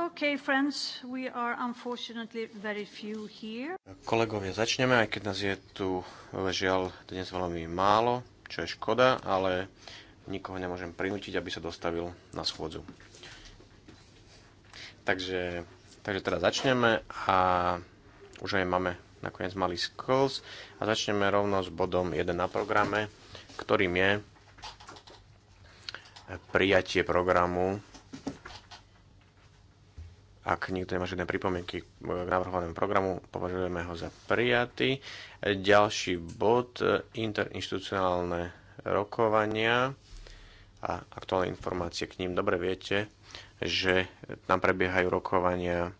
Okay, friends, we are unfortunately very few here. Kolegovia, začneme, aj keď nás je tu žiaľ dnes veľmi málo, čo je škoda, ale nikoho nemôžem prinútiť, aby sa dostavil na schôdzu. Takže, takže teda začneme a už aj máme nakoniec malý skills a začneme rovno s bodom 1 na programe, ktorým je prijatie programu ak nikto nemá žiadne pripomienky e, k navrhovanému programu, považujeme ho za prijatý. Ďalší bod, e, interinstitucionálne rokovania a aktuálne informácie k ním. Dobre viete, že tam prebiehajú rokovania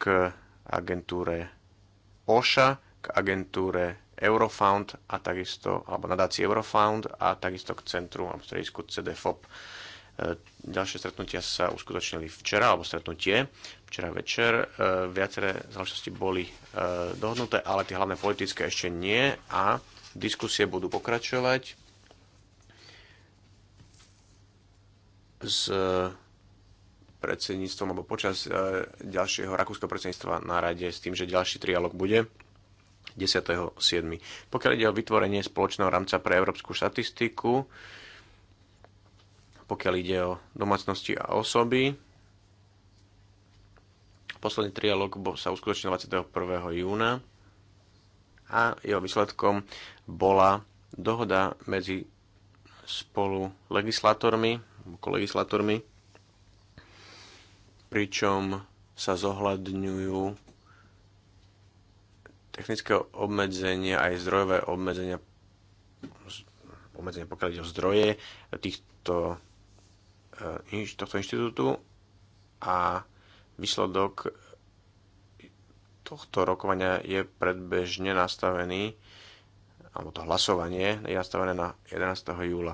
k agentúre OŠA, k agentúre Eurofound a takisto, alebo nadácii Eurofound a takisto k centru alebo stredisku CDFOP. E, ďalšie stretnutia sa uskutočnili včera, alebo stretnutie včera večer. E, viaceré záležitosti boli e, dohodnuté, ale tie hlavné politické ešte nie a diskusie budú pokračovať s predsedníctvom alebo počas ďalšieho rakúskeho predsedníctva na rade s tým, že ďalší trialog bude 10.7. Pokiaľ ide o vytvorenie spoločného rámca pre európsku štatistiku, pokiaľ ide o domácnosti a osoby. Posledný trialog sa uskutočnil 21. júna a jeho výsledkom bola dohoda medzi spolu legislátormi, kolegislátormi, pričom sa zohľadňujú technické obmedzenia aj zdrojové obmedzenia obmedzenia pokiaľ ide o zdroje týchto Eh, tohto inštitútu a výsledok tohto rokovania je predbežne nastavený, alebo to hlasovanie je nastavené na 11. júla.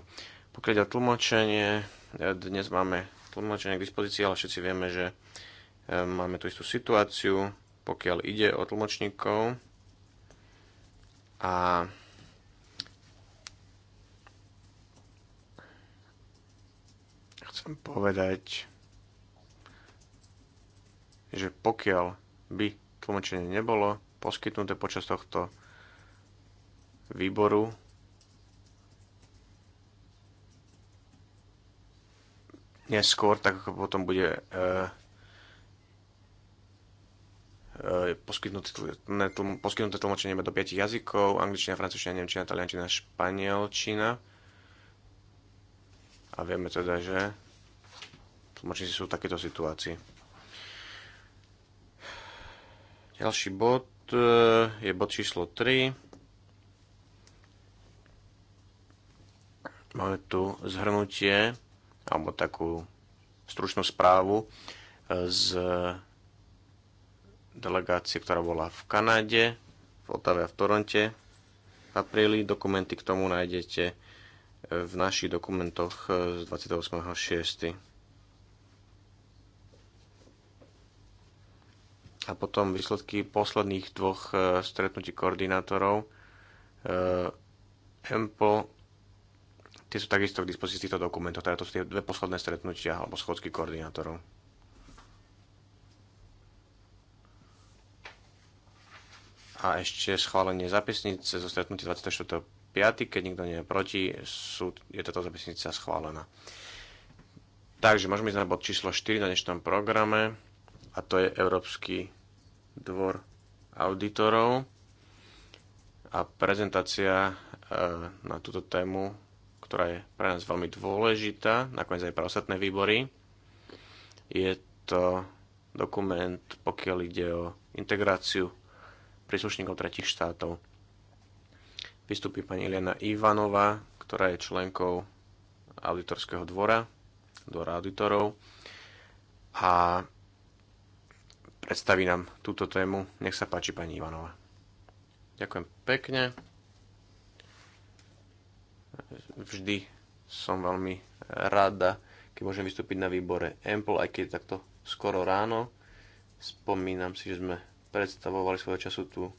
Pokiaľ ide o tlmočenie, eh, dnes máme tlmočenie k dispozícii, ale všetci vieme, že eh, máme tú istú situáciu, pokiaľ ide o tlmočníkov. A povedať, že pokiaľ by tlmočenie nebolo poskytnuté počas tohto výboru, neskôr, tak ako potom bude e, e, poskytnuté, tlm, poskytnuté tlmočenie do 5 jazykov, angličtina, francúzština, nemčina, taliančina, španielčina. A vieme teda, že tlmočníci sú v takéto situácii. Ďalší bod e, je bod číslo 3. Máme tu zhrnutie alebo takú stručnú správu e, z delegácie, ktorá bola v Kanade, v Otave a v Toronte v apríli. Dokumenty k tomu nájdete v našich dokumentoch z 28.6. a potom výsledky posledných dvoch e, stretnutí koordinátorov EMPO tie sú takisto k dispozícii týchto dokumentov, teda to sú tie dve posledné stretnutia alebo schodky koordinátorov. A ešte schválenie zapisnice zo stretnutia 24.5. Keď nikto nie je proti, sú, je táto zapisnica schválená. Takže môžeme ísť na bod číslo 4 na dnešnom programe a to je Európsky dvor auditorov a prezentácia e, na túto tému, ktorá je pre nás veľmi dôležitá, nakoniec aj pre ostatné výbory. Je to dokument, pokiaľ ide o integráciu príslušníkov tretich štátov. Vystupí pani Liana Ivanová, ktorá je členkou auditorského dvora, dvora auditorov a predstaví nám túto tému. Nech sa páči pani Ivanova. Ďakujem pekne. Vždy som veľmi rada, keď môžem vystúpiť na výbore Ample, aj keď je takto skoro ráno. Spomínam si, že sme predstavovali svojho času tú e,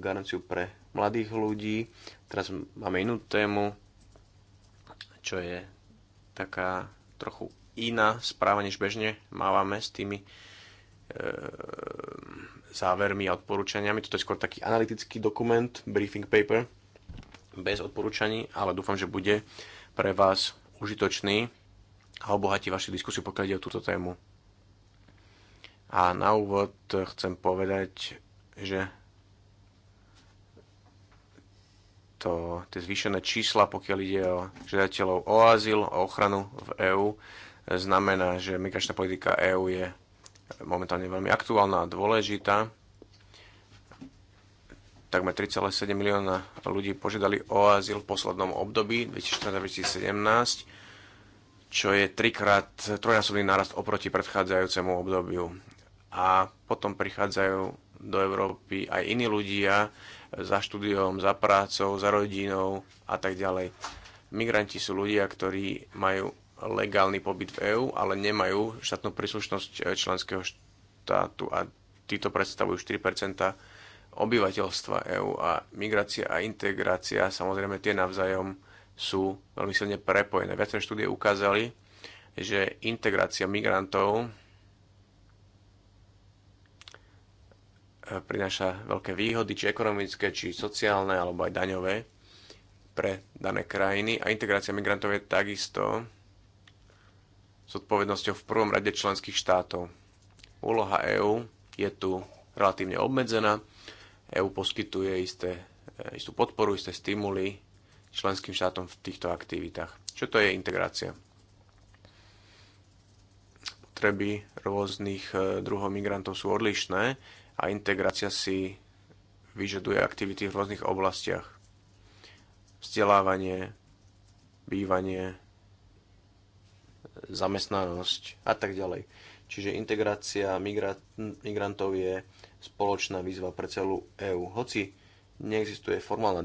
garanciu pre mladých ľudí. Teraz máme inú tému, čo je taká trochu iná správa, než bežne mávame s tými E, závermi a odporúčaniami. Toto je skôr taký analytický dokument, briefing paper, bez odporúčaní, ale dúfam, že bude pre vás užitočný a obohatí vašu diskusiu, pokiaľ ide o túto tému. A na úvod chcem povedať, že to, tie zvýšené čísla, pokiaľ ide o žiadateľov o azyl, o ochranu v EÚ, znamená, že migračná politika EÚ je momentálne veľmi aktuálna a dôležitá. Takmer 3,7 milióna ľudí požiadali o azyl v poslednom období 2014-2017, čo je trikrát trojnásobný nárast oproti predchádzajúcemu obdobiu. A potom prichádzajú do Európy aj iní ľudia za štúdiom, za prácou, za rodinou a tak ďalej. Migranti sú ľudia, ktorí majú legálny pobyt v EÚ, ale nemajú štátnu príslušnosť eh, členského štátu a títo predstavujú 4 obyvateľstva EÚ a migrácia a integrácia, samozrejme tie navzájom sú veľmi silne prepojené. Viaceré štúdie ukázali, že integrácia migrantov eh, prináša veľké výhody, či ekonomické, či sociálne, alebo aj daňové pre dané krajiny. A integrácia migrantov je takisto zodpovednosťou v prvom rade členských štátov. Úloha EÚ je tu relatívne obmedzená. EÚ poskytuje isté, e, istú podporu, isté stimuly členským štátom v týchto aktivitách. Čo to je integrácia? Potreby rôznych e, druhov migrantov sú odlišné a integrácia si vyžaduje aktivity v rôznych oblastiach. Vzdelávanie, bývanie, zamestnanosť a tak ďalej. Čiže integrácia migrantov je spoločná výzva pre celú EÚ. Hoci neexistuje formálna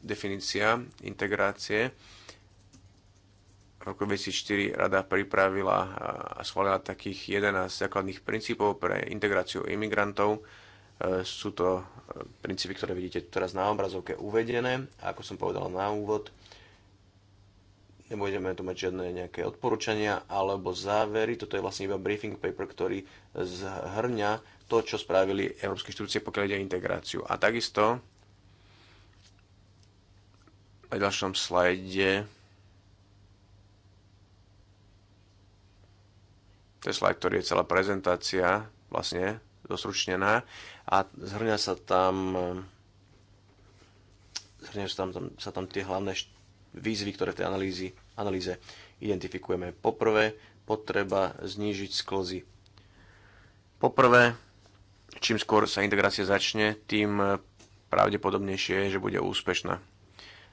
definícia integrácie, v roku 2004 rada pripravila a schválila takých 11 základných princípov pre integráciu imigrantov. E, sú to e, princípy, ktoré vidíte teraz na obrazovke uvedené. A ako som povedal na úvod, Nebudeme tu mať žiadne nejaké odporúčania alebo závery. Toto je vlastne iba briefing paper, ktorý zhrňa to, čo spravili európske inštitúcie, pokiaľ ide integráciu. A takisto V ďalšom slajde to je slajd, ktorý je celá prezentácia vlastne dosručnená a zhrňa sa tam zhrňa sa tam, tam, sa tam tie hlavné št- výzvy, ktoré v tej analýzy, analýze identifikujeme. Poprvé, potreba znížiť sklozy. Poprvé, čím skôr sa integrácia začne, tým pravdepodobnejšie je, že bude úspešná.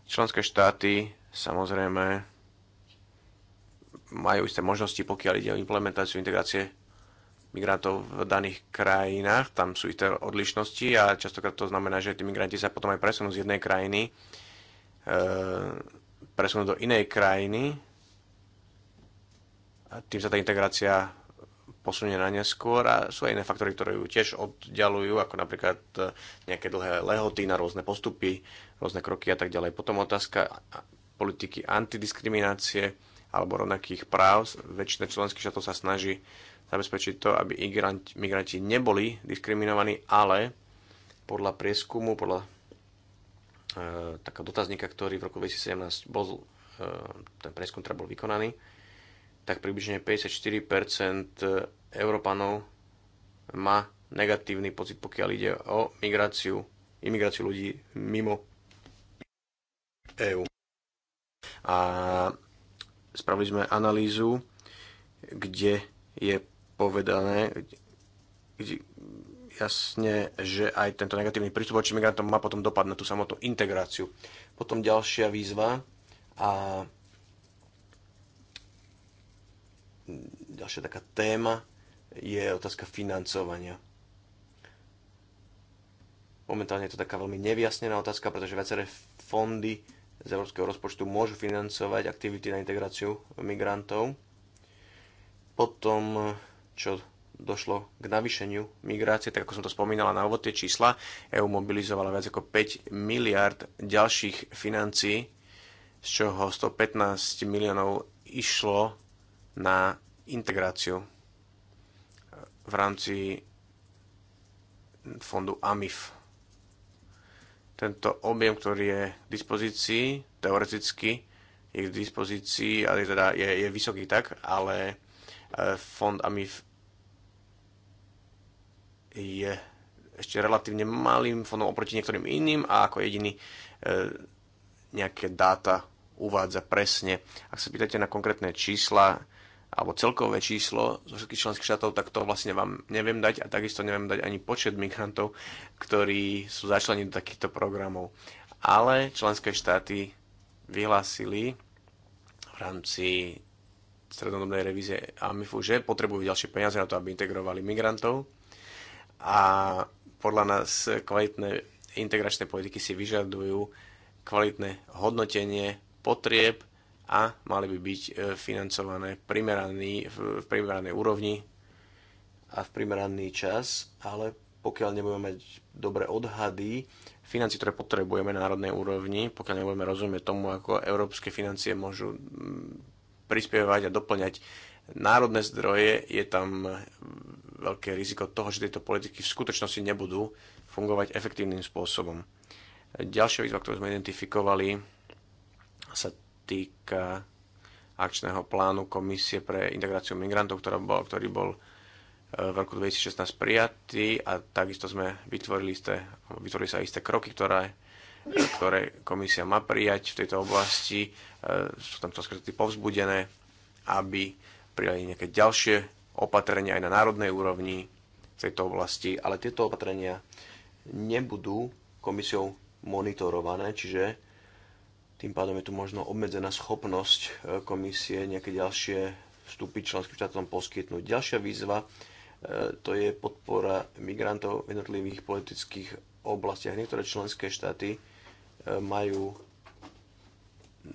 Členské štáty samozrejme majú isté možnosti, pokiaľ ide o implementáciu integrácie migrantov v daných krajinách. Tam sú isté odlišnosti a častokrát to znamená, že tí migranti sa potom aj presunú z jednej krajiny e, presunúť do inej krajiny a tým sa tá integrácia posunie na neskôr a sú aj iné faktory, ktoré ju tiež oddialujú, ako napríklad e, nejaké dlhé lehoty na rôzne postupy, rôzne kroky a tak ďalej. Potom otázka politiky antidiskriminácie alebo rovnakých práv. Väčšina členských štátov sa snaží zabezpečiť to, aby migranti neboli diskriminovaní, ale podľa prieskumu, podľa E, takého dotazníka, ktorý v roku 2017 bol, e, ten preskum teda bol vykonaný, tak približne 54% Európanov má negatívny pocit, pokiaľ ide o migráciu, imigráciu ľudí mimo EÚ. A spravili sme analýzu, kde je povedané, kde, jasne, že aj tento negatívny prístup voči migrantom má potom dopad na tú samotnú integráciu. Potom ďalšia výzva a ďalšia taká téma je otázka financovania. Momentálne je to taká veľmi nevyjasnená otázka, pretože viaceré fondy z európskeho rozpočtu môžu financovať aktivity na integráciu migrantov. Potom, čo došlo k navýšeniu migrácie, tak ako som to spomínala na úvod tie čísla, EU mobilizovala viac ako 5 miliard ďalších financií, z čoho 115 miliónov išlo na integráciu e, v rámci fondu AMIF. Tento objem, ktorý je k dispozícii, teoreticky je k dispozícii, ale teda je, je vysoký tak, ale e, fond AMIF je ešte relatívne malým fondom oproti niektorým iným a ako jediný e, nejaké dáta uvádza presne. Ak sa pýtate na konkrétne čísla alebo celkové číslo zo všetkých členských štátov, tak to vlastne vám neviem dať a takisto neviem dať ani počet migrantov, ktorí sú začlení do takýchto programov. Ale členské štáty vyhlásili v rámci strednodobnej revízie AMIFu, že potrebujú ďalšie peniaze na to, aby integrovali migrantov a podľa nás kvalitné integračné politiky si vyžadujú kvalitné hodnotenie potrieb a mali by byť e, financované primeraný, v primeranej úrovni a v primeraný čas, ale pokiaľ nebudeme mať dobré odhady financí, ktoré potrebujeme na národnej úrovni, pokiaľ nebudeme rozumieť tomu, ako európske financie môžu prispievať a doplňať národné zdroje, je tam veľké riziko toho, že tieto politiky v skutočnosti nebudú fungovať efektívnym spôsobom. Ďalšia výzva, ktorú sme identifikovali, sa týka akčného plánu Komisie pre integráciu migrantov, ktorá bol, ktorý bol e, v roku 2016 prijatý a takisto sme vytvorili, isté, vytvorili sa isté kroky, ktoré, ktoré komisia má prijať v tejto oblasti. E, sú tam to povzbudené, aby prijali nejaké ďalšie opatrenia aj na národnej úrovni v tejto oblasti, ale tieto opatrenia nebudú komisiou monitorované, čiže tým pádom je tu možno obmedzená schopnosť e, komisie nejaké ďalšie vstupy členským štátom poskytnúť. Ďalšia výzva e, to je podpora migrantov v jednotlivých politických oblastiach. Niektoré členské štáty e, majú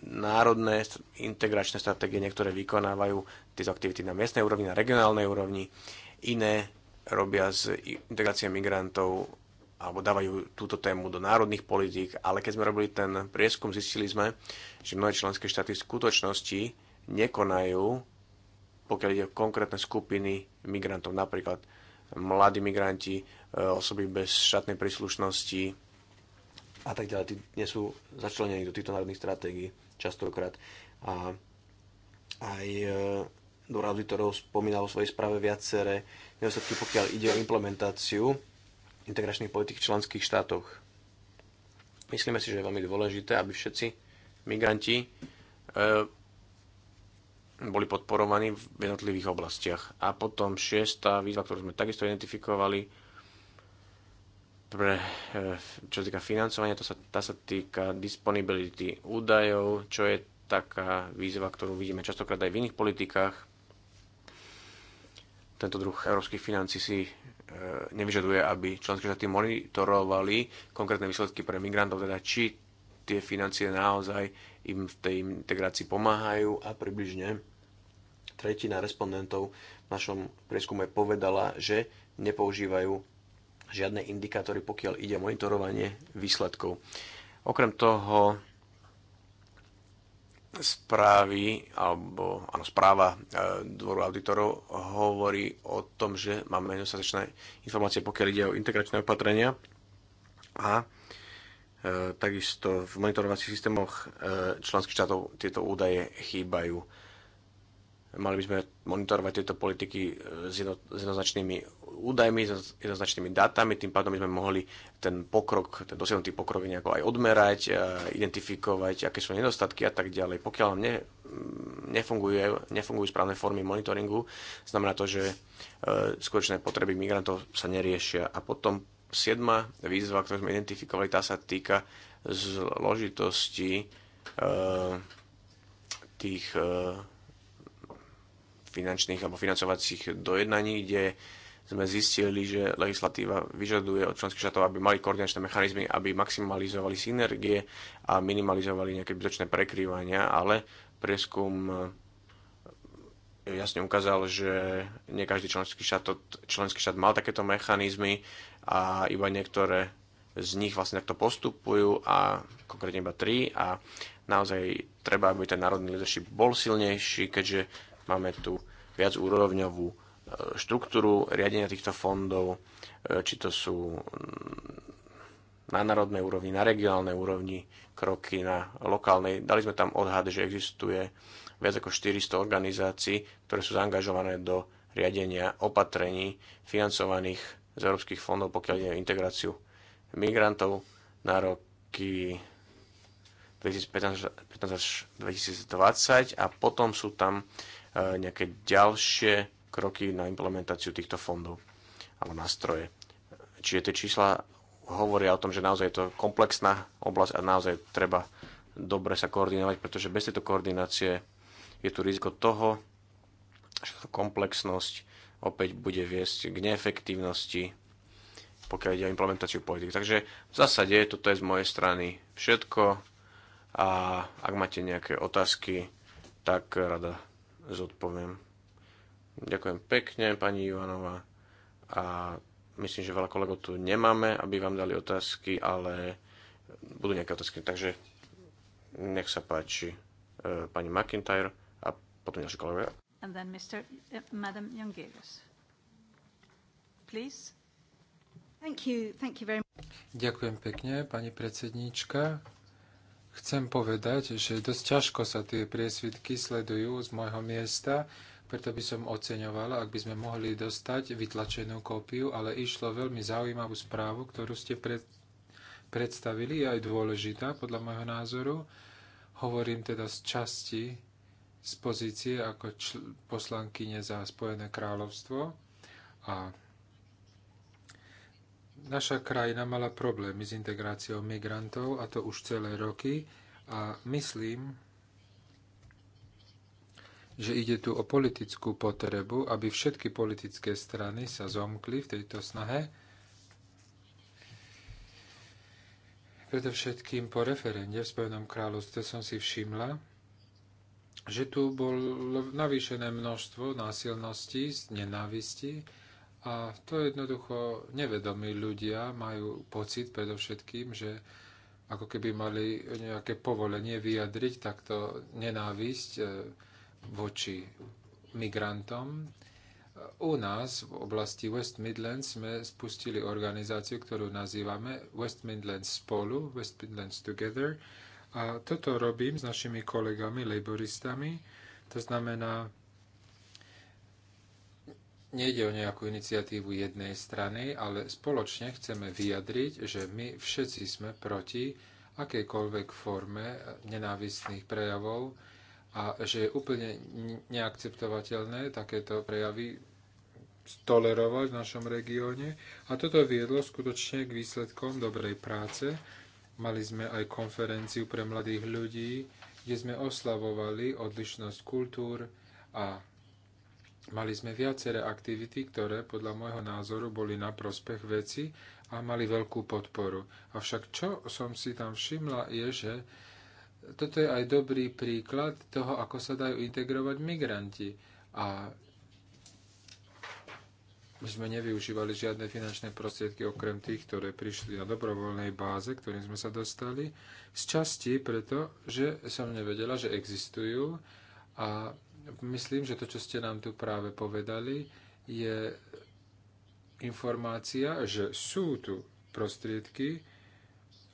národné integračné stratégie, niektoré vykonávajú tieto aktivity na miestnej úrovni, na regionálnej úrovni. Iné robia s integráciou migrantov alebo dávajú túto tému do národných politík, ale keď sme robili ten prieskum, zistili sme, že mnohé členské štáty v skutočnosti nekonajú, pokiaľ ide o konkrétne skupiny migrantov, napríklad mladí migranti, e, osoby bez štátnej príslušnosti a tak ďalej, tí nie sú začlenení do týchto národných stratégií častokrát. A aj e, do auditorov spomínal vo svojej správe viaceré nedostatky, pokiaľ ide o implementáciu integračných politik v členských štátoch. Myslíme si, že je veľmi dôležité, aby všetci migranti e, boli podporovaní v jednotlivých oblastiach. A potom šiesta výzva, ktorú sme takisto identifikovali, pre, e, čo týka financovania, to sa, tá sa týka disponibility údajov, čo je taká výzva, ktorú vidíme častokrát aj v iných politikách tento druh európskych financí si e, nevyžaduje, aby členské štáty monitorovali konkrétne výsledky pre migrantov, teda či tie financie naozaj im v tej integrácii pomáhajú a približne tretina respondentov v našom prieskume povedala, že nepoužívajú žiadne indikátory, pokiaľ ide o monitorovanie výsledkov. Okrem toho správy, alebo áno, správa e, dvoru auditorov hovorí o tom, že máme nedostatečné informácie, pokiaľ ide o integračné opatrenia a e, takisto v monitorovacích systémoch e, členských štátov tieto údaje chýbajú. Mali by sme monitorovať tieto politiky e, s, jedno, s jednoznačnými údajmi, s jednoznačnými dátami, tým pádom by sme mohli ten pokrok, ten dosiahnutý pokrok nejako aj odmerať, e, identifikovať, aké sú nedostatky a tak ďalej. Pokiaľ ne, mm, nefunguje, nefungujú správne formy monitoringu, znamená to, že e, skutočné potreby migrantov sa neriešia. A potom siedma výzva, ktorú sme identifikovali, tá sa týka zložitosti tých finančných alebo financovacích dojednaní, kde sme zistili, že legislatíva vyžaduje od členských štátov, aby mali koordinačné mechanizmy, aby maximalizovali synergie a minimalizovali nejaké bytočné prekrývania, ale prieskum eh, jasne ukázal, že nie každý členský štát, členský štát mal takéto mechanizmy a iba niektoré z nich vlastne takto postupujú a konkrétne iba tri a naozaj treba, aby ten národný leadership bol silnejší, keďže Máme tu viac úrovňovú e, štruktúru riadenia týchto fondov, e, či to sú na národnej úrovni, na regionálnej úrovni, kroky na lokálnej. Dali sme tam odhad, že existuje viac ako 400 organizácií, ktoré sú zaangažované do riadenia opatrení financovaných z európskych fondov, pokiaľ ide o integráciu migrantov na roky 2015 až 2020 a potom sú tam E, nejaké ďalšie kroky na implementáciu týchto fondov alebo nástroje. Čiže tie čísla hovoria o tom, že naozaj je to komplexná oblasť a naozaj treba dobre sa koordinovať, pretože bez tejto koordinácie je tu riziko toho, že táto komplexnosť opäť bude viesť k neefektívnosti, pokiaľ ide o implementáciu politik. Takže v zásade toto je z mojej strany všetko a ak máte nejaké otázky, tak rada zodpoviem. Ďakujem pekne, pani Ivanová. A myslím, že veľa kolegov tu nemáme, aby vám dali otázky, ale budú nejaké otázky. Takže nech sa páči e, pani McIntyre a potom ďalší kolegovia. And then Mr. Uh, eh, Madam Please. Thank you, thank you very much. Ďakujem pekne, pani predsedníčka. Chcem povedať, že dosť ťažko sa tie priesvitky sledujú z môjho miesta, preto by som oceňovala, ak by sme mohli dostať vytlačenú kópiu, ale išlo veľmi zaujímavú správu, ktorú ste pred, predstavili, je aj dôležitá podľa môjho názoru. Hovorím teda z časti, z pozície ako čl- poslankyne za Spojené kráľovstvo a Naša krajina mala problémy s integráciou migrantov, a to už celé roky, a myslím, že ide tu o politickú potrebu, aby všetky politické strany sa zomkli v tejto snahe, Predovšetkým po referende v Spojenom kráľovstve som si všimla, že tu bolo navýšené množstvo násilností, nenávisti a to jednoducho nevedomí ľudia majú pocit predovšetkým, že ako keby mali nejaké povolenie vyjadriť takto nenávisť e, voči migrantom. U nás v oblasti West Midlands sme spustili organizáciu, ktorú nazývame West Midlands Spolu, West Midlands Together. A toto robím s našimi kolegami, laboristami. To znamená, nejde o nejakú iniciatívu jednej strany, ale spoločne chceme vyjadriť, že my všetci sme proti akejkoľvek forme nenávistných prejavov a že je úplne neakceptovateľné takéto prejavy tolerovať v našom regióne. A toto viedlo skutočne k výsledkom dobrej práce. Mali sme aj konferenciu pre mladých ľudí, kde sme oslavovali odlišnosť kultúr a Mali sme viaceré aktivity, ktoré podľa môjho názoru boli na prospech veci a mali veľkú podporu. Avšak čo som si tam všimla je, že toto je aj dobrý príklad toho, ako sa dajú integrovať migranti. A my sme nevyužívali žiadne finančné prostriedky okrem tých, ktoré prišli na dobrovoľnej báze, ktorým sme sa dostali. Z časti preto, že som nevedela, že existujú a myslím, že to, čo ste nám tu práve povedali, je informácia, že sú tu prostriedky,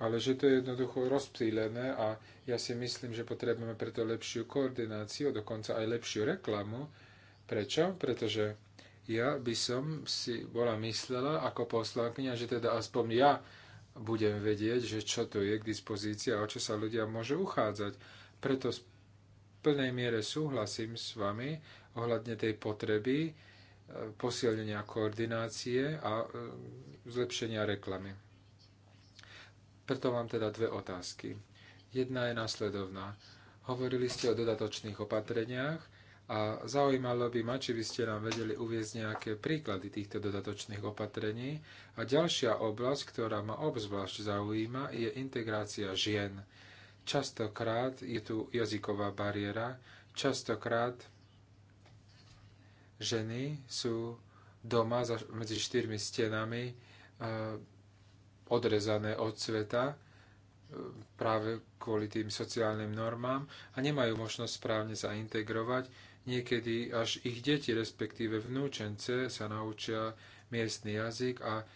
ale že to je jednoducho rozptýlené a ja si myslím, že potrebujeme preto lepšiu koordináciu, dokonca aj lepšiu reklamu. Prečo? Pretože ja by som si bola myslela ako poslankyňa, že teda aspoň ja budem vedieť, že čo to je k dispozícii a o čo sa ľudia môžu uchádzať. Preto plnej miere súhlasím s vami ohľadne tej potreby e, posilnenia koordinácie a e, zlepšenia reklamy. Preto mám teda dve otázky. Jedna je následovná. Hovorili ste o dodatočných opatreniach a zaujímalo by ma, či by ste nám vedeli uviezť nejaké príklady týchto dodatočných opatrení. A ďalšia oblasť, ktorá ma obzvlášť zaujíma, je integrácia žien. Častokrát je tu jazyková bariéra, častokrát ženy sú doma za, medzi štyrmi stenami e, odrezané od sveta e, práve kvôli tým sociálnym normám a nemajú možnosť správne sa integrovať. Niekedy až ich deti, respektíve vnúčence, sa naučia miestny jazyk a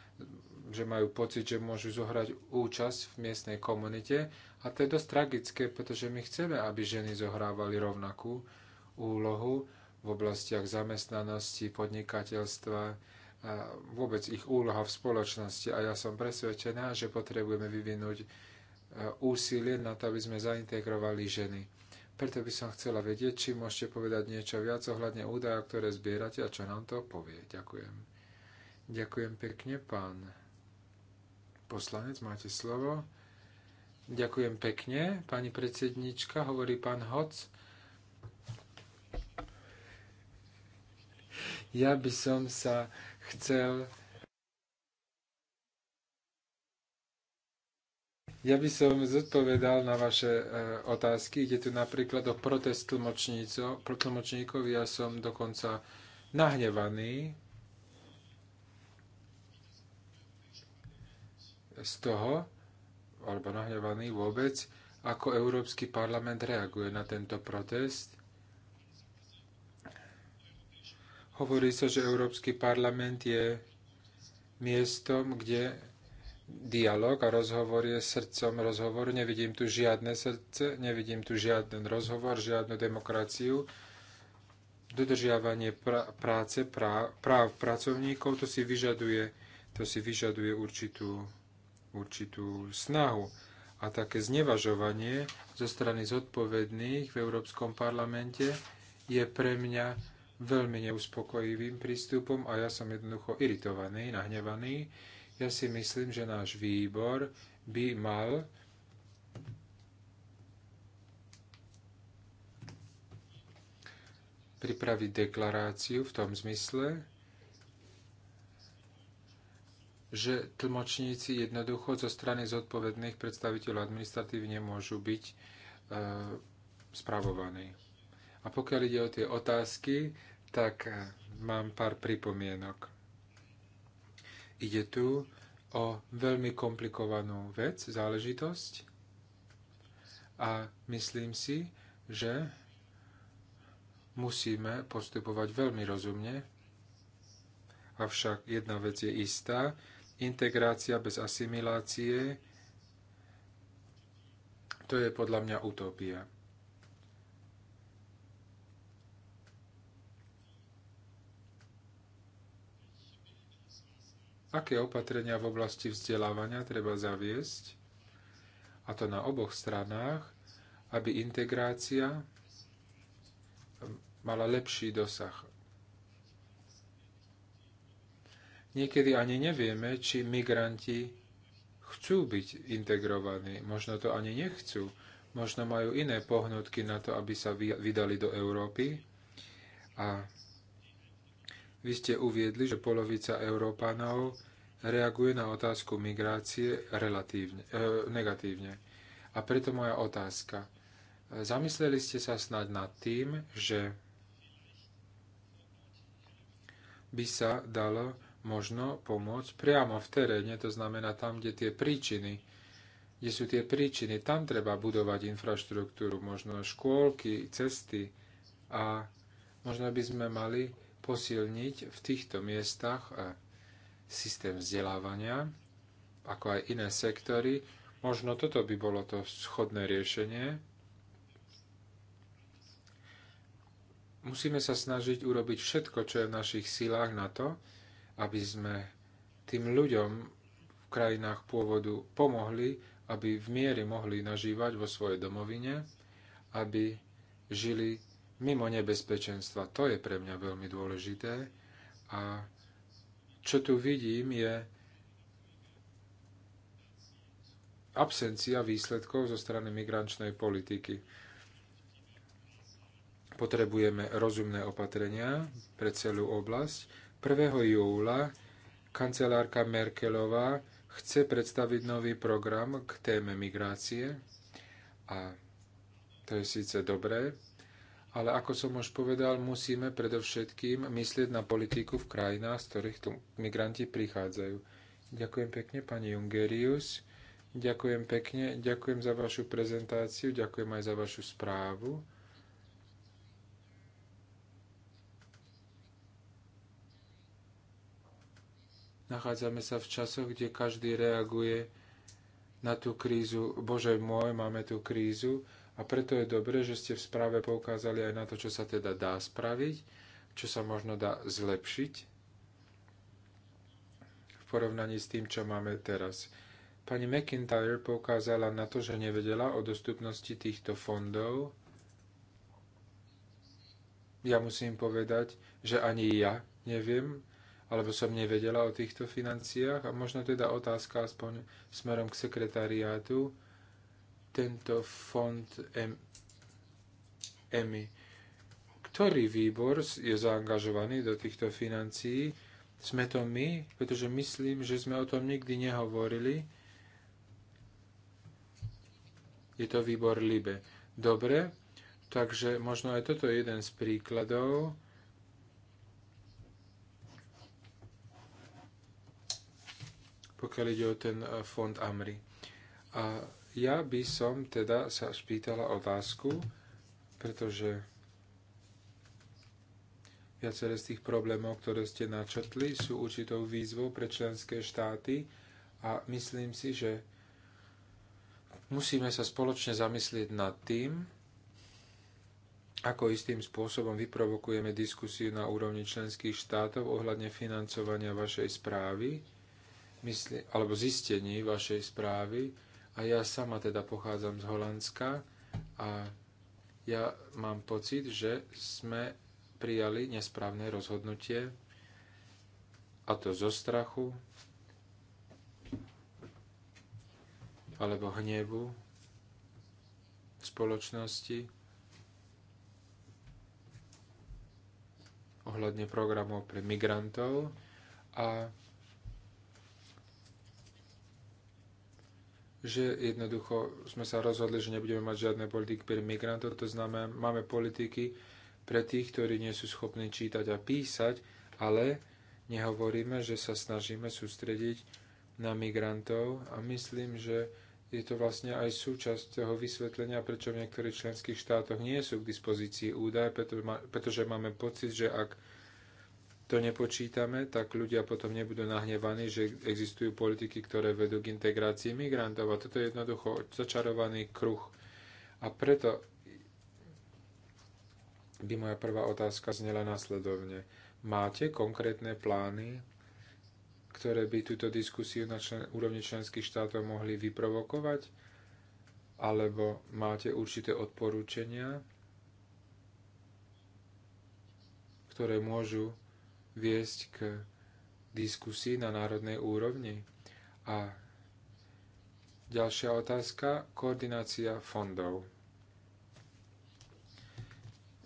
že majú pocit, že môžu zohrať účasť v miestnej komunite a to je dosť tragické, pretože my chceme, aby ženy zohrávali rovnakú úlohu v oblastiach zamestnanosti, podnikateľstva, a vôbec ich úloha v spoločnosti. A ja som presvedčená, že potrebujeme vyvinúť e, úsilie na to, aby sme zaintegrovali ženy. Preto by som chcela vedieť, či môžete povedať niečo viac ohľadne údajov, ktoré zbierate a čo nám to povie. Ďakujem. Ďakujem pekne, pán poslanec, máte slovo. Ďakujem pekne, pani predsednička, hovorí pán Hoc. Ja by som sa chcel Ja by som zodpovedal na vaše e, otázky. Ide tu napríklad o protest tlmočníkov. Ja som dokonca nahnevaný z toho, alebo nahnevaný vôbec, ako Európsky parlament reaguje na tento protest. Hovorí sa, že Európsky parlament je miestom, kde dialog a rozhovor je srdcom rozhovoru. Nevidím tu žiadne srdce, nevidím tu žiaden rozhovor, žiadnu demokraciu. Dodržiavanie pra- práce, práv pracovníkov, to si vyžaduje, to si vyžaduje určitú určitú snahu a také znevažovanie zo strany zodpovedných v Európskom parlamente je pre mňa veľmi neuspokojivým prístupom a ja som jednoducho iritovaný, nahnevaný. Ja si myslím, že náš výbor by mal pripraviť deklaráciu v tom zmysle, že tlmočníci jednoducho zo strany zodpovedných predstaviteľov administratívy nemôžu byť e, spravovaní. A pokiaľ ide o tie otázky, tak e, mám pár pripomienok. Ide tu o veľmi komplikovanú vec, záležitosť a myslím si, že musíme postupovať veľmi rozumne, avšak jedna vec je istá, Integrácia bez asimilácie, to je podľa mňa utopia. Aké opatrenia v oblasti vzdelávania treba zaviesť, a to na oboch stranách, aby integrácia mala lepší dosah Niekedy ani nevieme, či migranti chcú byť integrovaní, možno to ani nechcú, možno majú iné pohnutky na to, aby sa vydali do Európy. A vy ste uviedli, že polovica Európanov reaguje na otázku migrácie relatívne, e, negatívne. A preto moja otázka. Zamysleli ste sa snad nad tým, že by sa dalo možno pomôcť priamo v teréne, to znamená tam, kde tie príčiny, kde sú tie príčiny, tam treba budovať infraštruktúru, možno škôlky, cesty a možno by sme mali posilniť v týchto miestach e, systém vzdelávania, ako aj iné sektory. Možno toto by bolo to schodné riešenie. Musíme sa snažiť urobiť všetko, čo je v našich silách na to, aby sme tým ľuďom v krajinách pôvodu pomohli, aby v miery mohli nažívať vo svojej domovine, aby žili mimo nebezpečenstva. To je pre mňa veľmi dôležité. A čo tu vidím je absencia výsledkov zo strany migrančnej politiky. Potrebujeme rozumné opatrenia pre celú oblasť, 1. júla kancelárka Merkelová chce predstaviť nový program k téme migrácie a to je síce dobré, ale ako som už povedal, musíme predovšetkým myslieť na politiku v krajinách, z ktorých tu migranti prichádzajú. Ďakujem pekne, pani Jungerius. Ďakujem pekne, ďakujem za vašu prezentáciu, ďakujem aj za vašu správu. Nachádzame sa v časoch, kde každý reaguje na tú krízu. Bože môj, máme tú krízu. A preto je dobré, že ste v správe poukázali aj na to, čo sa teda dá spraviť, čo sa možno dá zlepšiť v porovnaní s tým, čo máme teraz. Pani McIntyre poukázala na to, že nevedela o dostupnosti týchto fondov. Ja musím povedať, že ani ja neviem, alebo som nevedela o týchto financiách a možno teda otázka aspoň smerom k sekretariátu. Tento fond M- EMI. Ktorý výbor je zaangažovaný do týchto financií? Sme to my, pretože myslím, že sme o tom nikdy nehovorili. Je to výbor LIBE. Dobre, takže možno aj toto je jeden z príkladov, pokiaľ ide o ten eh, fond AMRI. A ja by som teda sa spýtala otázku, pretože viaceré z tých problémov, ktoré ste načrtli, sú určitou výzvou pre členské štáty a myslím si, že musíme sa spoločne zamyslieť nad tým, ako istým spôsobom vyprovokujeme diskusiu na úrovni členských štátov ohľadne financovania vašej správy mysli, alebo zistení vašej správy. A ja sama teda pochádzam z Holandska a ja mám pocit, že sme prijali nesprávne rozhodnutie a to zo strachu alebo hnevu v spoločnosti ohľadne programov pre migrantov a že jednoducho sme sa rozhodli, že nebudeme mať žiadne politiky pre migrantov, to znamená, máme politiky pre tých, ktorí nie sú schopní čítať a písať, ale nehovoríme, že sa snažíme sústrediť na migrantov a myslím, že je to vlastne aj súčasť toho vysvetlenia, prečo v niektorých členských štátoch nie sú k dispozícii údaje, pretože máme pocit, že ak to nepočítame, tak ľudia potom nebudú nahnevaní, že existujú politiky, ktoré vedú k integrácii migrantov. A toto je jednoducho začarovaný kruh. A preto by moja prvá otázka znela následovne. Máte konkrétne plány, ktoré by túto diskusiu na člen, úrovni členských štátov mohli vyprovokovať? Alebo máte určité odporúčania, ktoré môžu viesť k diskusii na národnej úrovni. A ďalšia otázka, koordinácia fondov.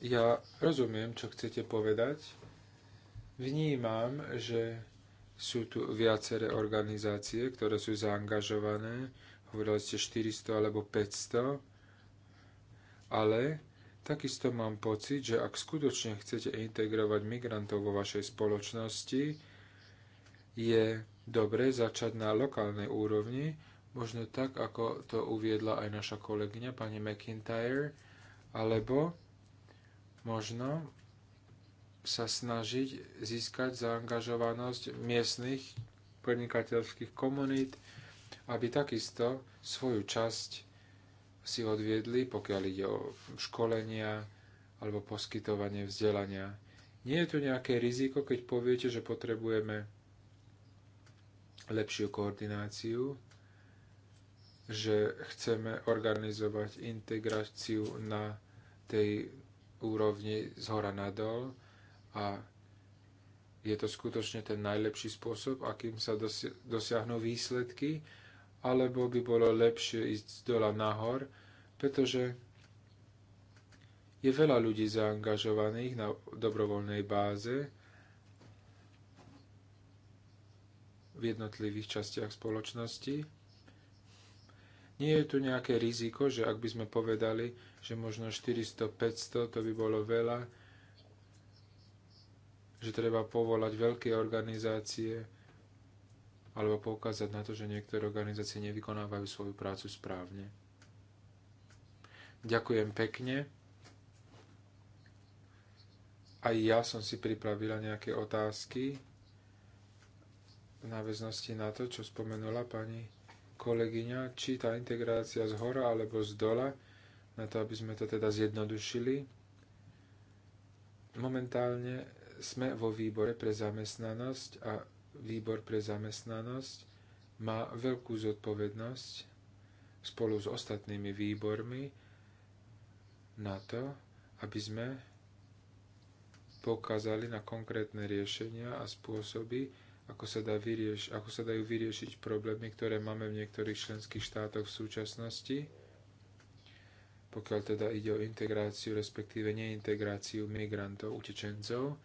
Ja rozumiem, čo chcete povedať. Vnímam, že sú tu viaceré organizácie, ktoré sú zaangažované. Hovorili ste 400 alebo 500, ale Takisto mám pocit, že ak skutočne chcete integrovať migrantov vo vašej spoločnosti, je dobre začať na lokálnej úrovni, možno tak, ako to uviedla aj naša kolegyňa pani McIntyre, alebo možno sa snažiť získať zaangažovanosť miestnych podnikateľských komunít, aby takisto svoju časť si odviedli, pokiaľ ide o školenia alebo poskytovanie vzdelania. Nie je tu nejaké riziko, keď poviete, že potrebujeme lepšiu koordináciu, že chceme organizovať integráciu na tej úrovni z hora nadol a je to skutočne ten najlepší spôsob, akým sa dosiahnu výsledky alebo by bolo lepšie ísť z dola nahor, pretože je veľa ľudí zaangažovaných na dobrovoľnej báze v jednotlivých častiach spoločnosti. Nie je tu nejaké riziko, že ak by sme povedali, že možno 400-500 to by bolo veľa, že treba povolať veľké organizácie, alebo poukázať na to, že niektoré organizácie nevykonávajú svoju prácu správne. Ďakujem pekne. Aj ja som si pripravila nejaké otázky v náväznosti na to, čo spomenula pani kolegyňa, či tá integrácia z hora alebo z dola, na to, aby sme to teda zjednodušili. Momentálne sme vo výbore pre zamestnanosť a výbor pre zamestnanosť má veľkú zodpovednosť spolu s ostatnými výbormi na to, aby sme poukázali na konkrétne riešenia a spôsoby, ako sa, dá vyrieš- ako sa dajú vyriešiť problémy, ktoré máme v niektorých členských štátoch v súčasnosti, pokiaľ teda ide o integráciu, respektíve neintegráciu migrantov, utečencov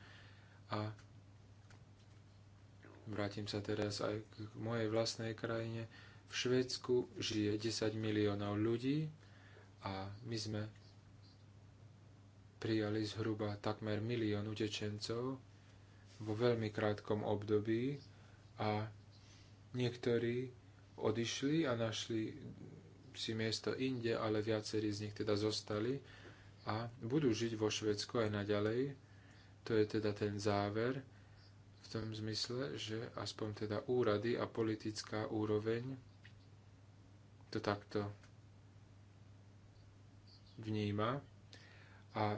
a Vrátim sa teraz aj k mojej vlastnej krajine. V Švedsku žije 10 miliónov ľudí a my sme prijali zhruba takmer milión utečencov vo veľmi krátkom období a niektorí odišli a našli si miesto inde, ale viacerí z nich teda zostali a budú žiť vo Švedsku aj naďalej. To je teda ten záver v tom zmysle, že aspoň teda úrady a politická úroveň to takto vníma. A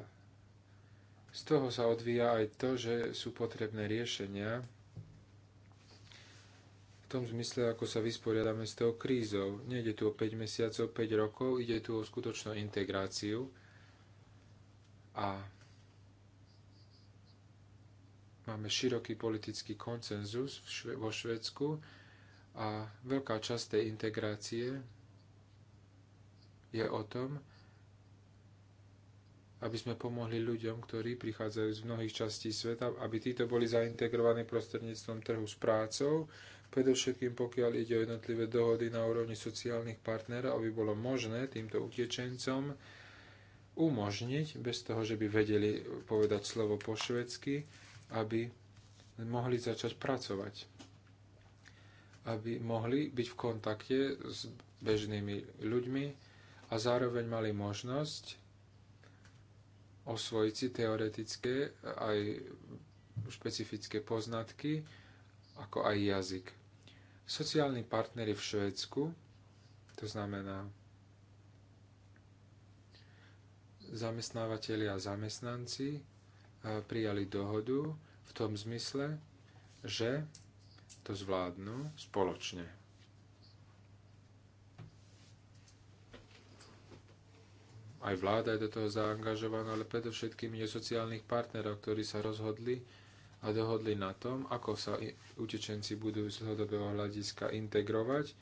z toho sa odvíja aj to, že sú potrebné riešenia v tom zmysle, ako sa vysporiadame s tou krízou. Nejde tu o 5 mesiacov, 5 rokov, ide tu o skutočnú integráciu. A Máme široký politický koncenzus vo Švedsku a veľká časť tej integrácie je o tom, aby sme pomohli ľuďom, ktorí prichádzajú z mnohých častí sveta, aby títo boli zaintegrovaní prostredníctvom trhu s prácou, predovšetkým pokiaľ ide o jednotlivé dohody na úrovni sociálnych partnerov, aby bolo možné týmto utečencom umožniť, bez toho, že by vedeli povedať slovo po švedsky, aby mohli začať pracovať, aby mohli byť v kontakte s bežnými ľuďmi a zároveň mali možnosť osvojiť si teoretické aj špecifické poznatky, ako aj jazyk. Sociálni partnery v Švédsku, to znamená zamestnávateľi a zamestnanci, E, prijali dohodu v tom zmysle, že to zvládnu spoločne. Aj vláda je do toho zaangažovaná, ale predovšetkým je sociálnych partnerov, ktorí sa rozhodli a dohodli na tom, ako sa utečenci budú z dlhodobého hľadiska integrovať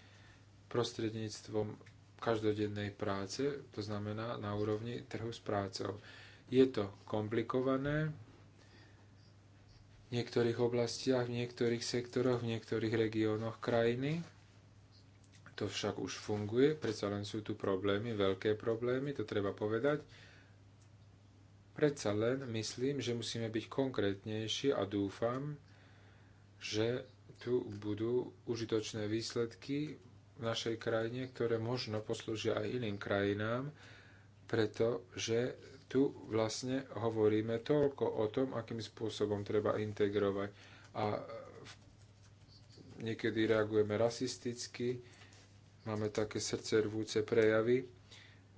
prostredníctvom každodennej práce, to znamená na úrovni trhu s prácou. Je to komplikované v niektorých oblastiach, v niektorých sektoroch, v niektorých regiónoch krajiny. To však už funguje, predsa len sú tu problémy, veľké problémy, to treba povedať. Predsa len myslím, že musíme byť konkrétnejší a dúfam, že tu budú užitočné výsledky v našej krajine, ktoré možno poslúžia aj iným krajinám, pretože tu vlastne hovoríme toľko o tom, akým spôsobom treba integrovať. A niekedy reagujeme rasisticky, máme také srdce rvúce prejavy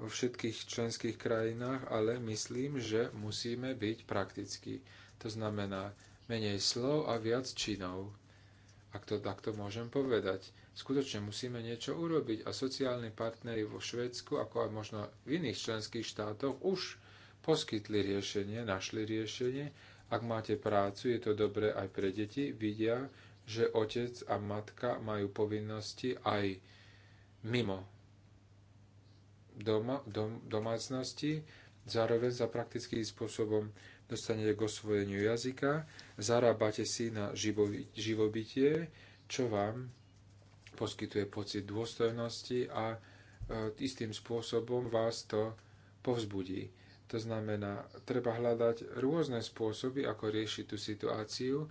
vo všetkých členských krajinách, ale myslím, že musíme byť praktickí. To znamená menej slov a viac činov. Ak to takto môžem povedať. Skutočne musíme niečo urobiť a sociálni partnery vo Švédsku, ako aj možno v iných členských štátoch, už poskytli riešenie, našli riešenie. Ak máte prácu, je to dobré aj pre deti. Vidia, že otec a matka majú povinnosti aj mimo doma, dom, domácnosti. Zároveň sa praktickým spôsobom dostanete k osvojeniu jazyka, zarábate si na živobytie, čo vám poskytuje pocit dôstojnosti a e, istým spôsobom vás to povzbudí. To znamená, treba hľadať rôzne spôsoby, ako riešiť tú situáciu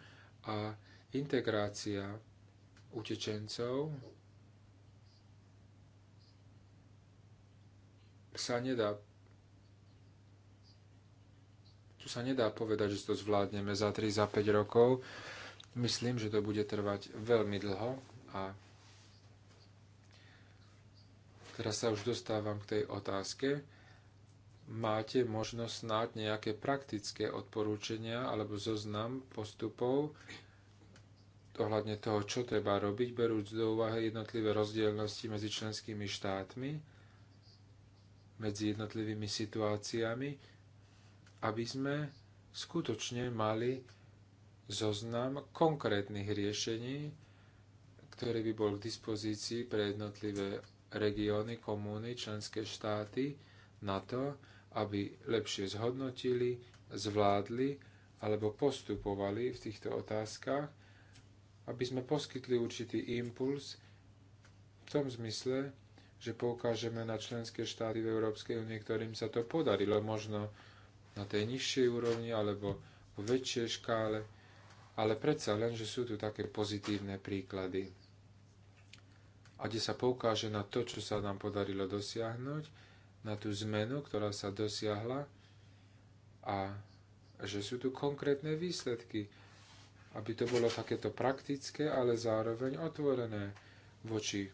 a integrácia utečencov sa nedá tu sa nedá povedať, že to zvládneme za 3, za 5 rokov. Myslím, že to bude trvať veľmi dlho a teraz sa už dostávam k tej otázke, máte možnosť snáď nejaké praktické odporúčania alebo zoznam postupov ohľadne toho, čo treba robiť, berúc do úvahy jednotlivé rozdielnosti medzi členskými štátmi, medzi jednotlivými situáciami, aby sme skutočne mali zoznam konkrétnych riešení, ktorý by bol k dispozícii pre jednotlivé regióny, komúny, členské štáty na to, aby lepšie zhodnotili, zvládli alebo postupovali v týchto otázkach, aby sme poskytli určitý impuls v tom zmysle, že poukážeme na členské štáty v Európskej únie, ktorým sa to podarilo možno na tej nižšej úrovni alebo v väčšej škále, ale predsa len, že sú tu také pozitívne príklady. A kde sa poukáže na to, čo sa nám podarilo dosiahnuť, na tú zmenu, ktorá sa dosiahla a že sú tu konkrétne výsledky, aby to bolo takéto praktické, ale zároveň otvorené voči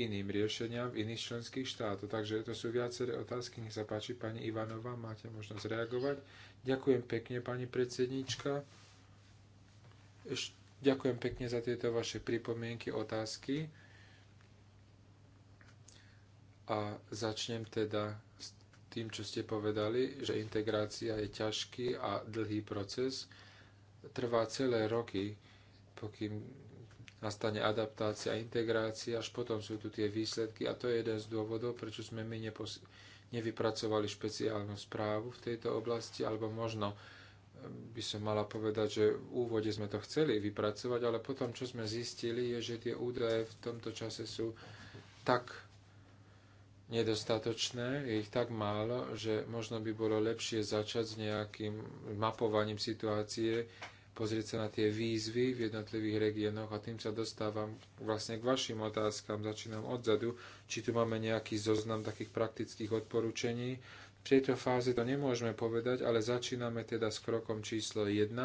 iným riešeniam v iných členských štátoch. Takže to sú viaceré otázky. Nech sa páči, pani Ivanová, máte možnosť reagovať. Ďakujem pekne, pani predsednička. Ďakujem pekne za tieto vaše pripomienky, otázky. A začnem teda s tým, čo ste povedali, že integrácia je ťažký a dlhý proces. Trvá celé roky, pokým nastane adaptácia a integrácia, až potom sú tu tie výsledky a to je jeden z dôvodov, prečo sme my nepos- nevypracovali špeciálnu správu v tejto oblasti, alebo možno ehm, by som mala povedať, že v úvode sme to chceli vypracovať, ale potom, čo sme zistili, je, že tie údaje v tomto čase sú tak nedostatočné, je ich tak málo, že možno by bolo lepšie začať s nejakým mapovaním situácie, pozrieť sa na tie výzvy v jednotlivých regiónoch a tým sa dostávam vlastne k vašim otázkam. Začínam odzadu, či tu máme nejaký zoznam takých praktických odporúčení. V tejto fáze to nemôžeme povedať, ale začíname teda s krokom číslo 1,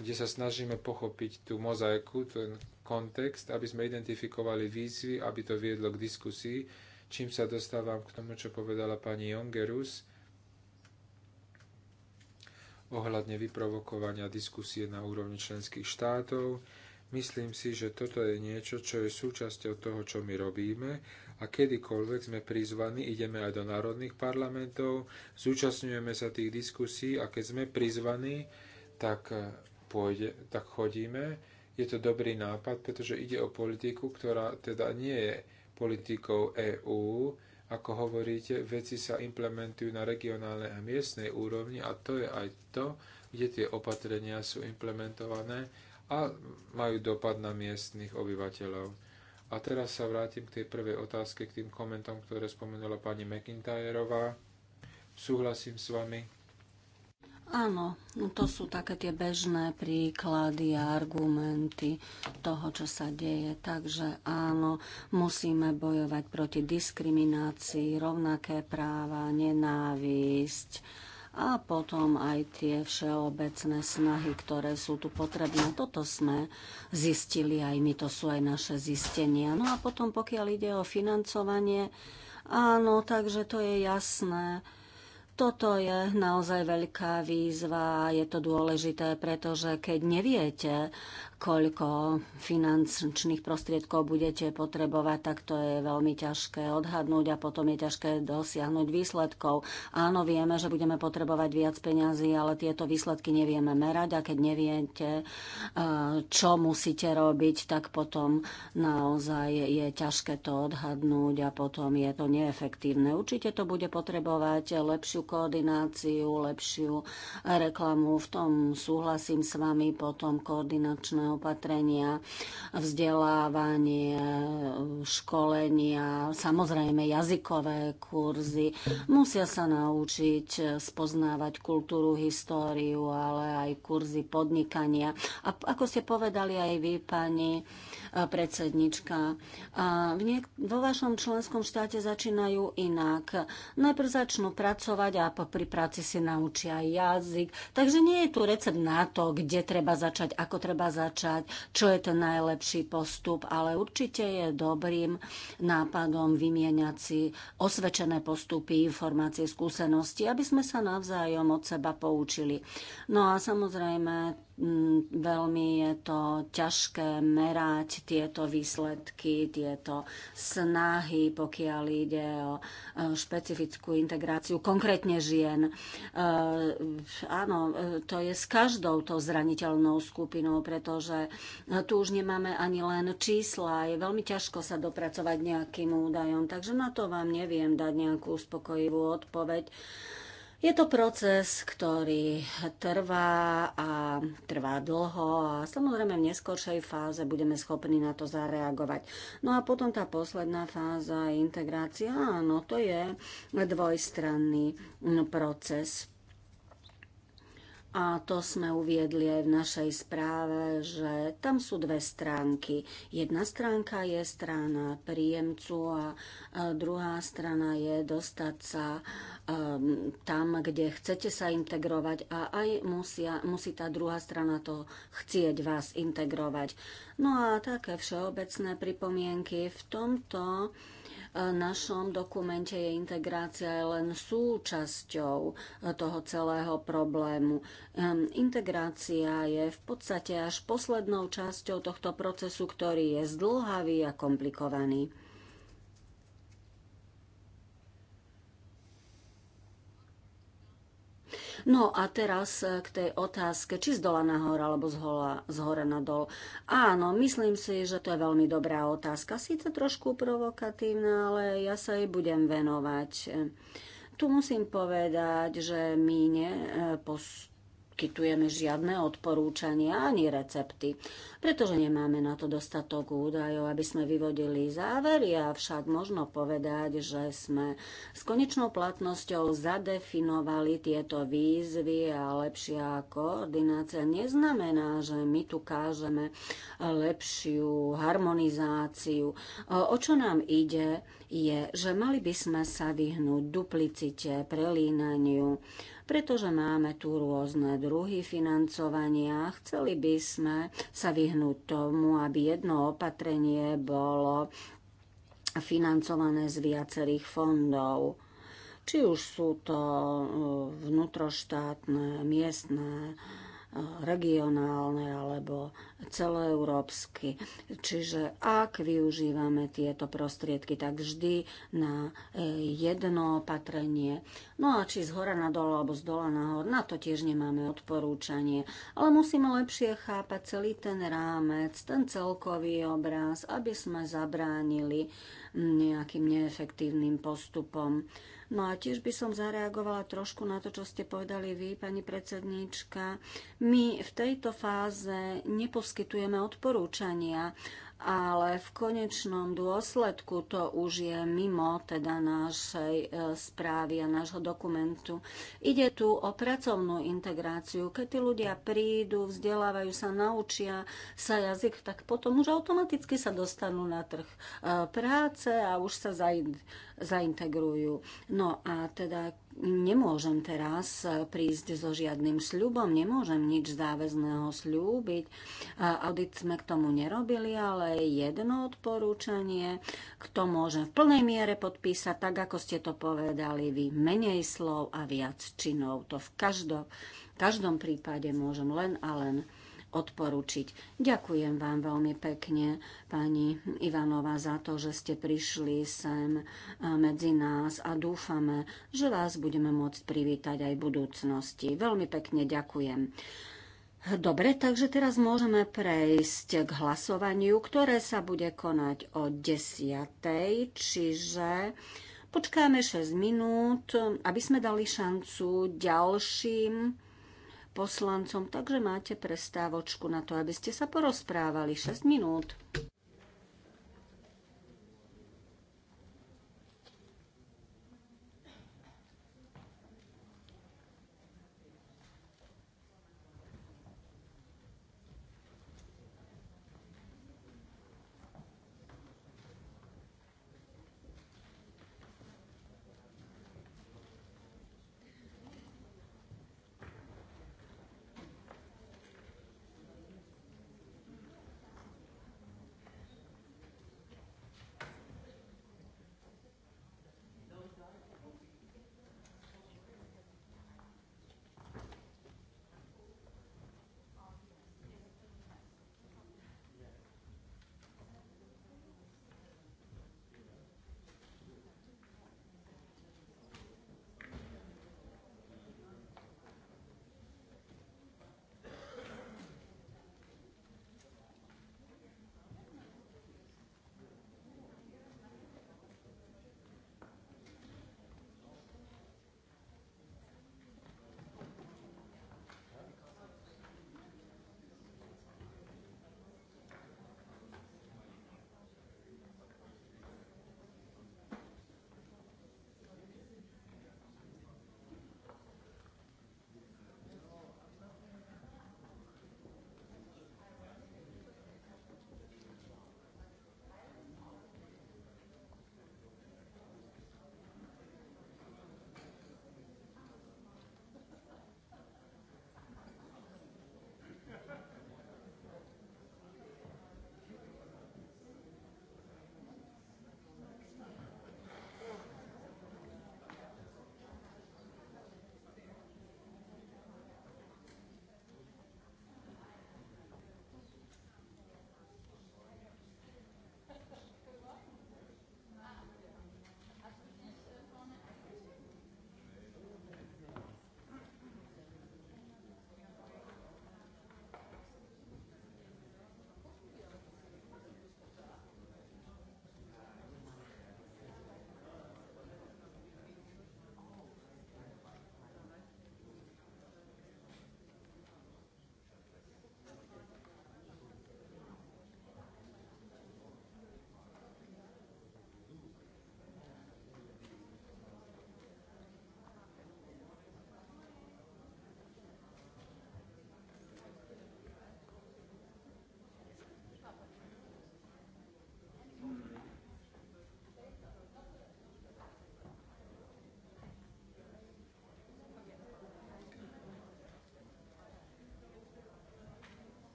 kde sa snažíme pochopiť tú mozaiku, ten kontext, aby sme identifikovali výzvy, aby to viedlo k diskusii, čím sa dostávam k tomu, čo povedala pani Jongerus ohľadne vyprovokovania diskusie na úrovni členských štátov. Myslím si, že toto je niečo, čo je súčasťou toho, čo my robíme a kedykoľvek sme prizvaní, ideme aj do národných parlamentov, zúčastňujeme sa tých diskusí a keď sme prizvaní, tak, eh, pôjde, tak chodíme. Je to dobrý nápad, pretože ide o politiku, ktorá teda nie je politikou EÚ. Ako hovoríte, veci sa implementujú na regionálnej a miestnej úrovni a to je aj to, kde tie opatrenia sú implementované a majú dopad na miestnych obyvateľov. A teraz sa vrátim k tej prvej otázke, k tým komentom, ktoré spomenula pani McIntyreová. Súhlasím s vami Áno, no to sú také tie bežné príklady a argumenty toho, čo sa deje. Takže áno, musíme bojovať proti diskriminácii, rovnaké práva, nenávisť a potom aj tie všeobecné snahy, ktoré sú tu potrebné. Toto sme zistili aj my, to sú aj naše zistenia. No a potom, pokiaľ ide o financovanie, áno, takže to je jasné. Toto je naozaj veľká výzva, je to dôležité, pretože keď neviete, koľko finančných prostriedkov budete potrebovať, tak to je veľmi ťažké odhadnúť a potom je ťažké dosiahnuť výsledkov. Áno, vieme, že budeme potrebovať viac peňazí, ale tieto výsledky nevieme merať a keď neviete, eh, čo musíte robiť, tak potom naozaj je ťažké to odhadnúť a potom je to neefektívne. Určite to bude potrebovať lepšiu koordináciu, lepšiu reklamu, v tom súhlasím s vami, potom koordinačného opatrenia, vzdelávanie, školenia, samozrejme jazykové kurzy. Musia sa naučiť spoznávať kultúru, históriu, ale aj kurzy podnikania. A ako ste povedali aj vy, pani, predsednička. A v niek- vo vašom členskom štáte začínajú inak. Najprv začnú pracovať a pri práci si naučia jazyk. Takže nie je tu recept na to, kde treba začať, ako treba začať, čo je ten najlepší postup, ale určite je dobrým nápadom vymieňať si osvedčené postupy, informácie, skúsenosti, aby sme sa navzájom od seba poučili. No a samozrejme, Mm, veľmi je to ťažké merať tieto výsledky, tieto snahy, pokiaľ ide o e, špecifickú integráciu konkrétne žien. E, áno, e, to je s každou tou zraniteľnou skupinou, pretože tu už nemáme ani len čísla, je veľmi ťažko sa dopracovať nejakým údajom, takže na to vám neviem dať nejakú uspokojivú odpoveď. Je to proces, ktorý trvá a trvá dlho a samozrejme v neskoršej fáze budeme schopní na to zareagovať. No a potom tá posledná fáza integrácia, áno, to je dvojstranný proces. A to sme uviedli aj v našej správe, že tam sú dve stránky. Jedna stránka je strana príjemcu a druhá strana je dostať sa Ehm, tam, kde chcete sa integrovať a aj musia, musí tá druhá strana to chcieť vás integrovať. No a také všeobecné pripomienky v tomto e, našom dokumente je integrácia len súčasťou e, toho celého problému. Ehm, integrácia je v podstate až poslednou časťou tohto procesu, ktorý je zdlhavý a komplikovaný. No a teraz eh, k tej otázke, či z dola nahor alebo z, hola, z hora nadol. Áno, myslím si, že to je veľmi dobrá otázka. Síce trošku provokatívna, ale ja sa jej budem venovať. Tu musím povedať, že my ne, eh, post neposkytujeme žiadne odporúčania ani recepty, pretože nemáme na to dostatok údajov, aby sme vyvodili závery, avšak možno povedať, že sme s konečnou platnosťou zadefinovali tieto výzvy a lepšia koordinácia neznamená, že my tu kážeme lepšiu harmonizáciu. O čo nám ide, je, že mali by sme sa vyhnúť duplicite, prelínaniu, pretože máme tu rôzne druhy financovania. Chceli by sme sa vyhnúť tomu, aby jedno opatrenie bolo financované z viacerých fondov. Či už sú to uh, vnútroštátne, miestne, regionálne alebo celoeurópsky. Čiže ak využívame tieto prostriedky, tak vždy na e, jedno opatrenie. No a či z hora na dole alebo z dola hor, na to tiež nemáme odporúčanie. Ale musíme lepšie chápať celý ten rámec, ten celkový obraz, aby sme zabránili nejakým neefektívnym postupom. No a tiež by som zareagovala trošku na to, čo ste povedali vy, pani predsedníčka. My v tejto fáze neposkytujeme odporúčania, ale v konečnom dôsledku to už je mimo teda našej e, správy a nášho dokumentu. Ide tu o pracovnú integráciu. Keď tí ľudia prídu, vzdelávajú sa, naučia sa jazyk, tak potom už automaticky sa dostanú na trh e, práce a už sa zaintegrujú. No a teda nemôžem teraz eh, prísť so žiadnym sľubom, nemôžem nič záväzného sľúbiť. Audit sme k tomu nerobili, ale jedno odporúčanie, kto môže v plnej miere podpísať, tak ako ste to povedali vy, menej slov a viac činov. To v každom, v každom prípade môžem len a len odporučiť. Ďakujem vám veľmi pekne, pani Ivanova, za to, že ste prišli sem medzi nás a dúfame, že vás budeme môcť privítať aj v budúcnosti. Veľmi pekne ďakujem. Dobre, takže teraz môžeme prejsť k hlasovaniu, ktoré sa bude konať o 10. Čiže počkáme 6 minút, aby sme dali šancu ďalším poslancom, takže máte prestávočku na to, aby ste sa porozprávali 6 minút.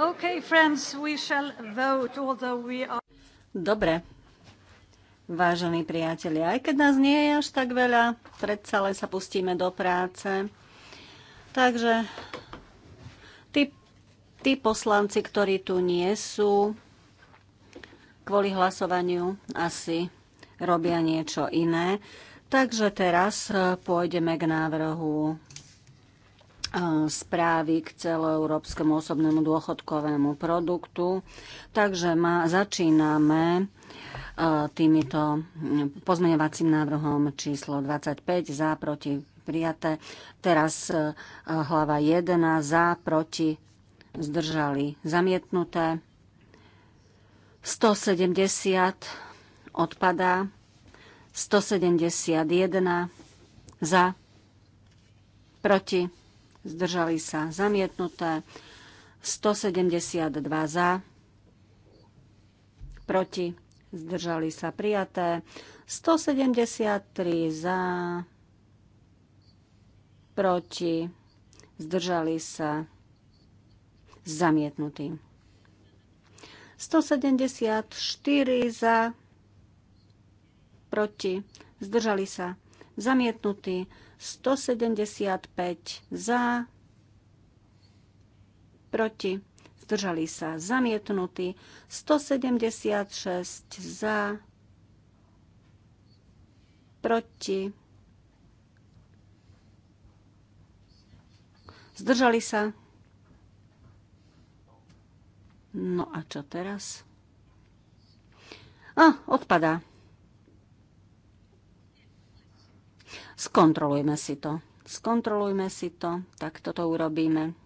Okay, friends, we shall vote, although we are... Dobre. Vážení priatelia, aj keď nás nie je až tak veľa, predsa len sa pustíme do práce. Takže tí, tí poslanci, ktorí tu nie sú, kvôli hlasovaniu asi robia niečo iné. Takže teraz eh, pôjdeme k návrhu E, správy k celoeurópskemu osobnému dôchodkovému produktu. Takže ma, začíname e, týmito pozmeňovacím návrhom číslo 25 za proti prijaté. Teraz e, hlava 1 za proti zdržali zamietnuté. 170 odpadá. 171 za proti zdržali sa zamietnuté, 172 za, proti, zdržali sa prijaté, 173 za, proti, zdržali sa zamietnutí. 174 za, proti, zdržali sa zamietnutí. 175 za, proti, zdržali sa zamietnutí, 176 za, proti, zdržali sa. No a čo teraz? A, odpadá. Skontrolujme si to. Skontrolujme si to. Tak toto urobíme.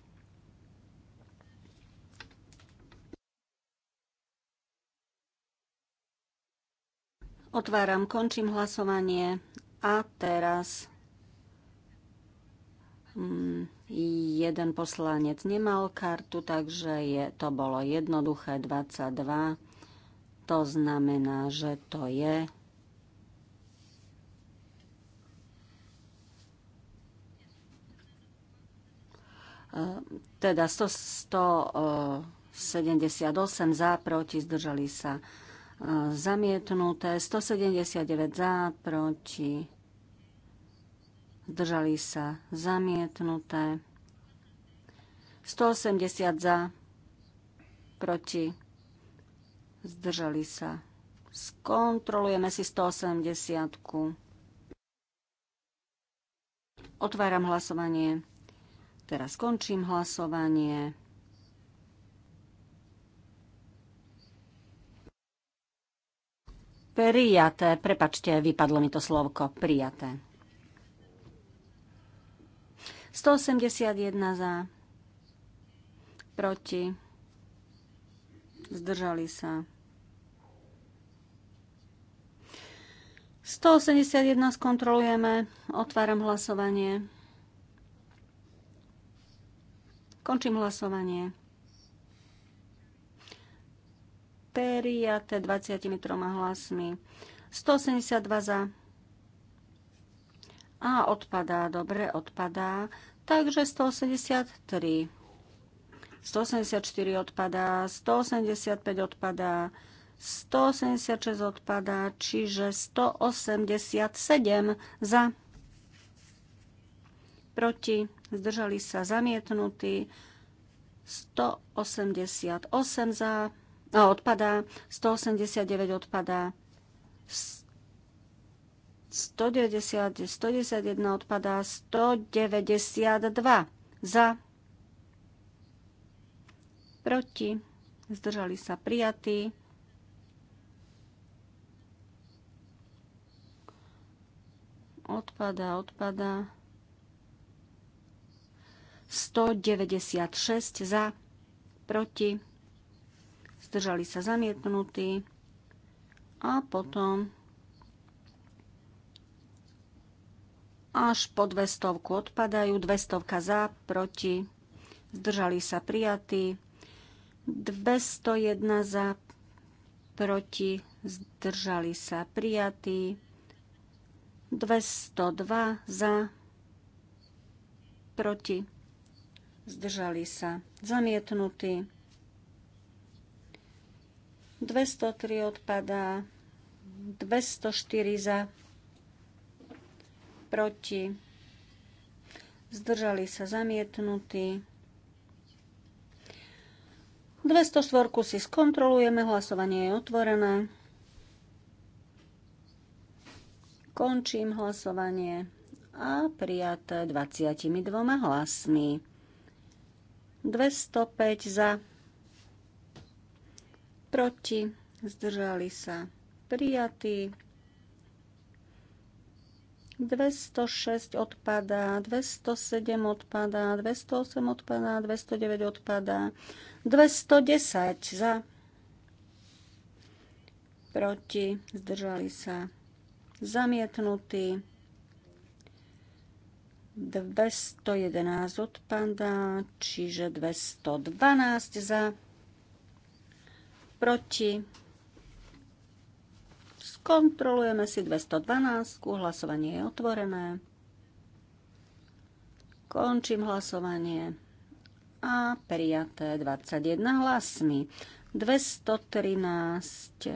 Otváram, končím hlasovanie a teraz mm, jeden poslanec nemal kartu, takže je, to bolo jednoduché 22. To znamená, že to je E, teda 100, 178 e, e, za, proti, zdržali sa zamietnuté, 179 za, proti, zdržali sa zamietnuté, 180 za, proti, zdržali sa. Skontrolujeme si 180. -ku. Otváram hlasovanie. Teraz končím hlasovanie. Prijaté. Prepačte, vypadlo mi to slovko. Prijaté. 181 za. Proti. Zdržali sa. 181 skontrolujeme. Otváram hlasovanie. Končím hlasovanie. Periate 23 hlasmi. 182 za. A odpadá, dobre, odpadá. Takže 183. 184 odpadá, 185 odpadá, 186 odpadá, čiže 187 za proti, zdržali sa zamietnutí, 188 za, a odpadá, 189 odpadá, 190, 191 odpadá, 192 za, proti, zdržali sa prijatí. odpadá, odpadá. 196 za, proti, zdržali sa zamietnutí. A potom až po 200 odpadajú, 200 za, proti, zdržali sa prijatí, 201 za, proti, zdržali sa prijatí, 202 za, proti, zdržali sa, zamietnutí, 203 odpadá, 204 za, proti, zdržali sa, zamietnutí. 204 si skontrolujeme, hlasovanie je otvorené. Končím hlasovanie a prijaté 22 hlasmi. 205 za, proti, zdržali sa prijatí. 206 odpadá, 207 odpadá, 208 odpadá, 209 odpadá, 210 za, proti, zdržali sa, zamietnutí. 211 odpada, čiže 212 za, proti. Skontrolujeme si 212, hlasovanie je otvorené. Končím hlasovanie a prijaté 21 hlasmi. 213.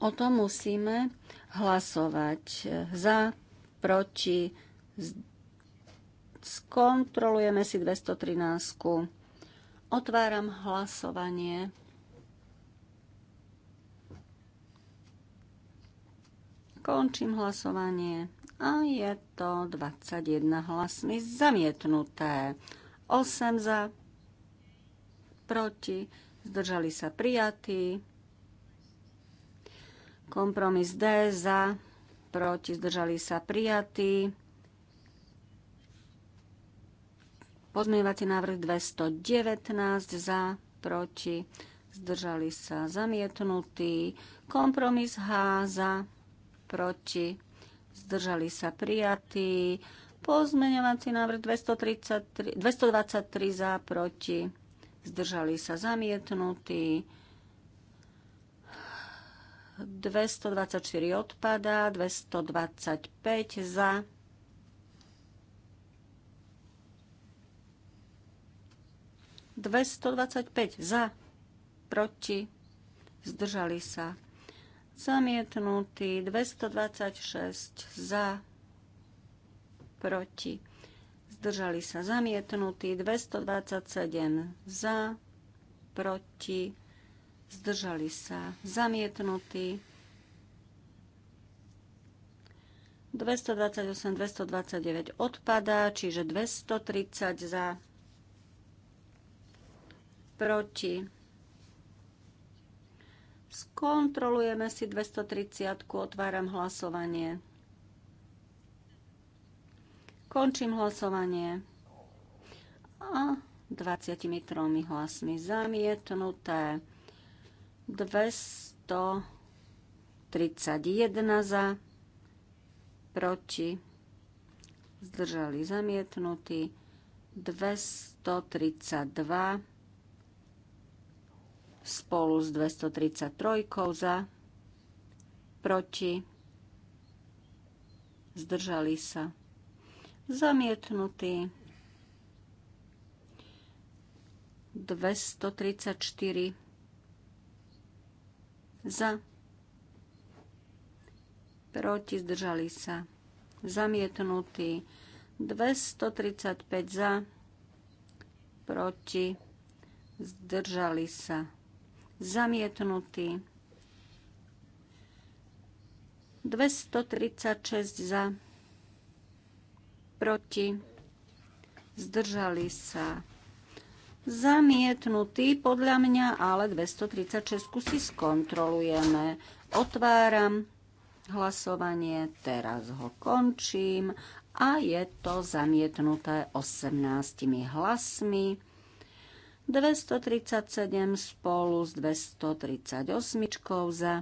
O tom musíme hlasovať e, za, proti. Skontrolujeme si 213. -ku. Otváram hlasovanie. Končím hlasovanie a je to 21 hlasmi zamietnuté. 8 za, proti, zdržali sa prijatí. Kompromis D za, proti, zdržali sa prijatí. Pozmeňovací návrh 219 za, proti, zdržali sa zamietnutí. Kompromis H za, proti, zdržali sa prijatí. Pozmeňovací návrh 233, 223 za, proti, zdržali sa zamietnutí. 224 odpadá, 225 za. Dvesto za, proti, zdržali sa. Zamietnutý 226 za, proti, zdržali sa. Zamietnutý 227 za, proti, zdržali sa zamietnutí. 228, 229 odpadá, čiže 230 za, proti. Skontrolujeme si 230, otváram hlasovanie. Končím hlasovanie. A 23 hlasmi zamietnuté. 231 za, proti, zdržali zamietnutí, 232 spolu s 233 za, proti, zdržali sa, zamietnutí, 234 za, proti, zdržali sa, zamietnutý, 235 za, proti, zdržali sa, zamietnutý, 236 za, proti, zdržali sa, Zamietnutý podľa mňa, ale 236 si skontrolujeme. Otváram hlasovanie, teraz ho končím a je to zamietnuté 18 hlasmi. 237 spolu s 238 za,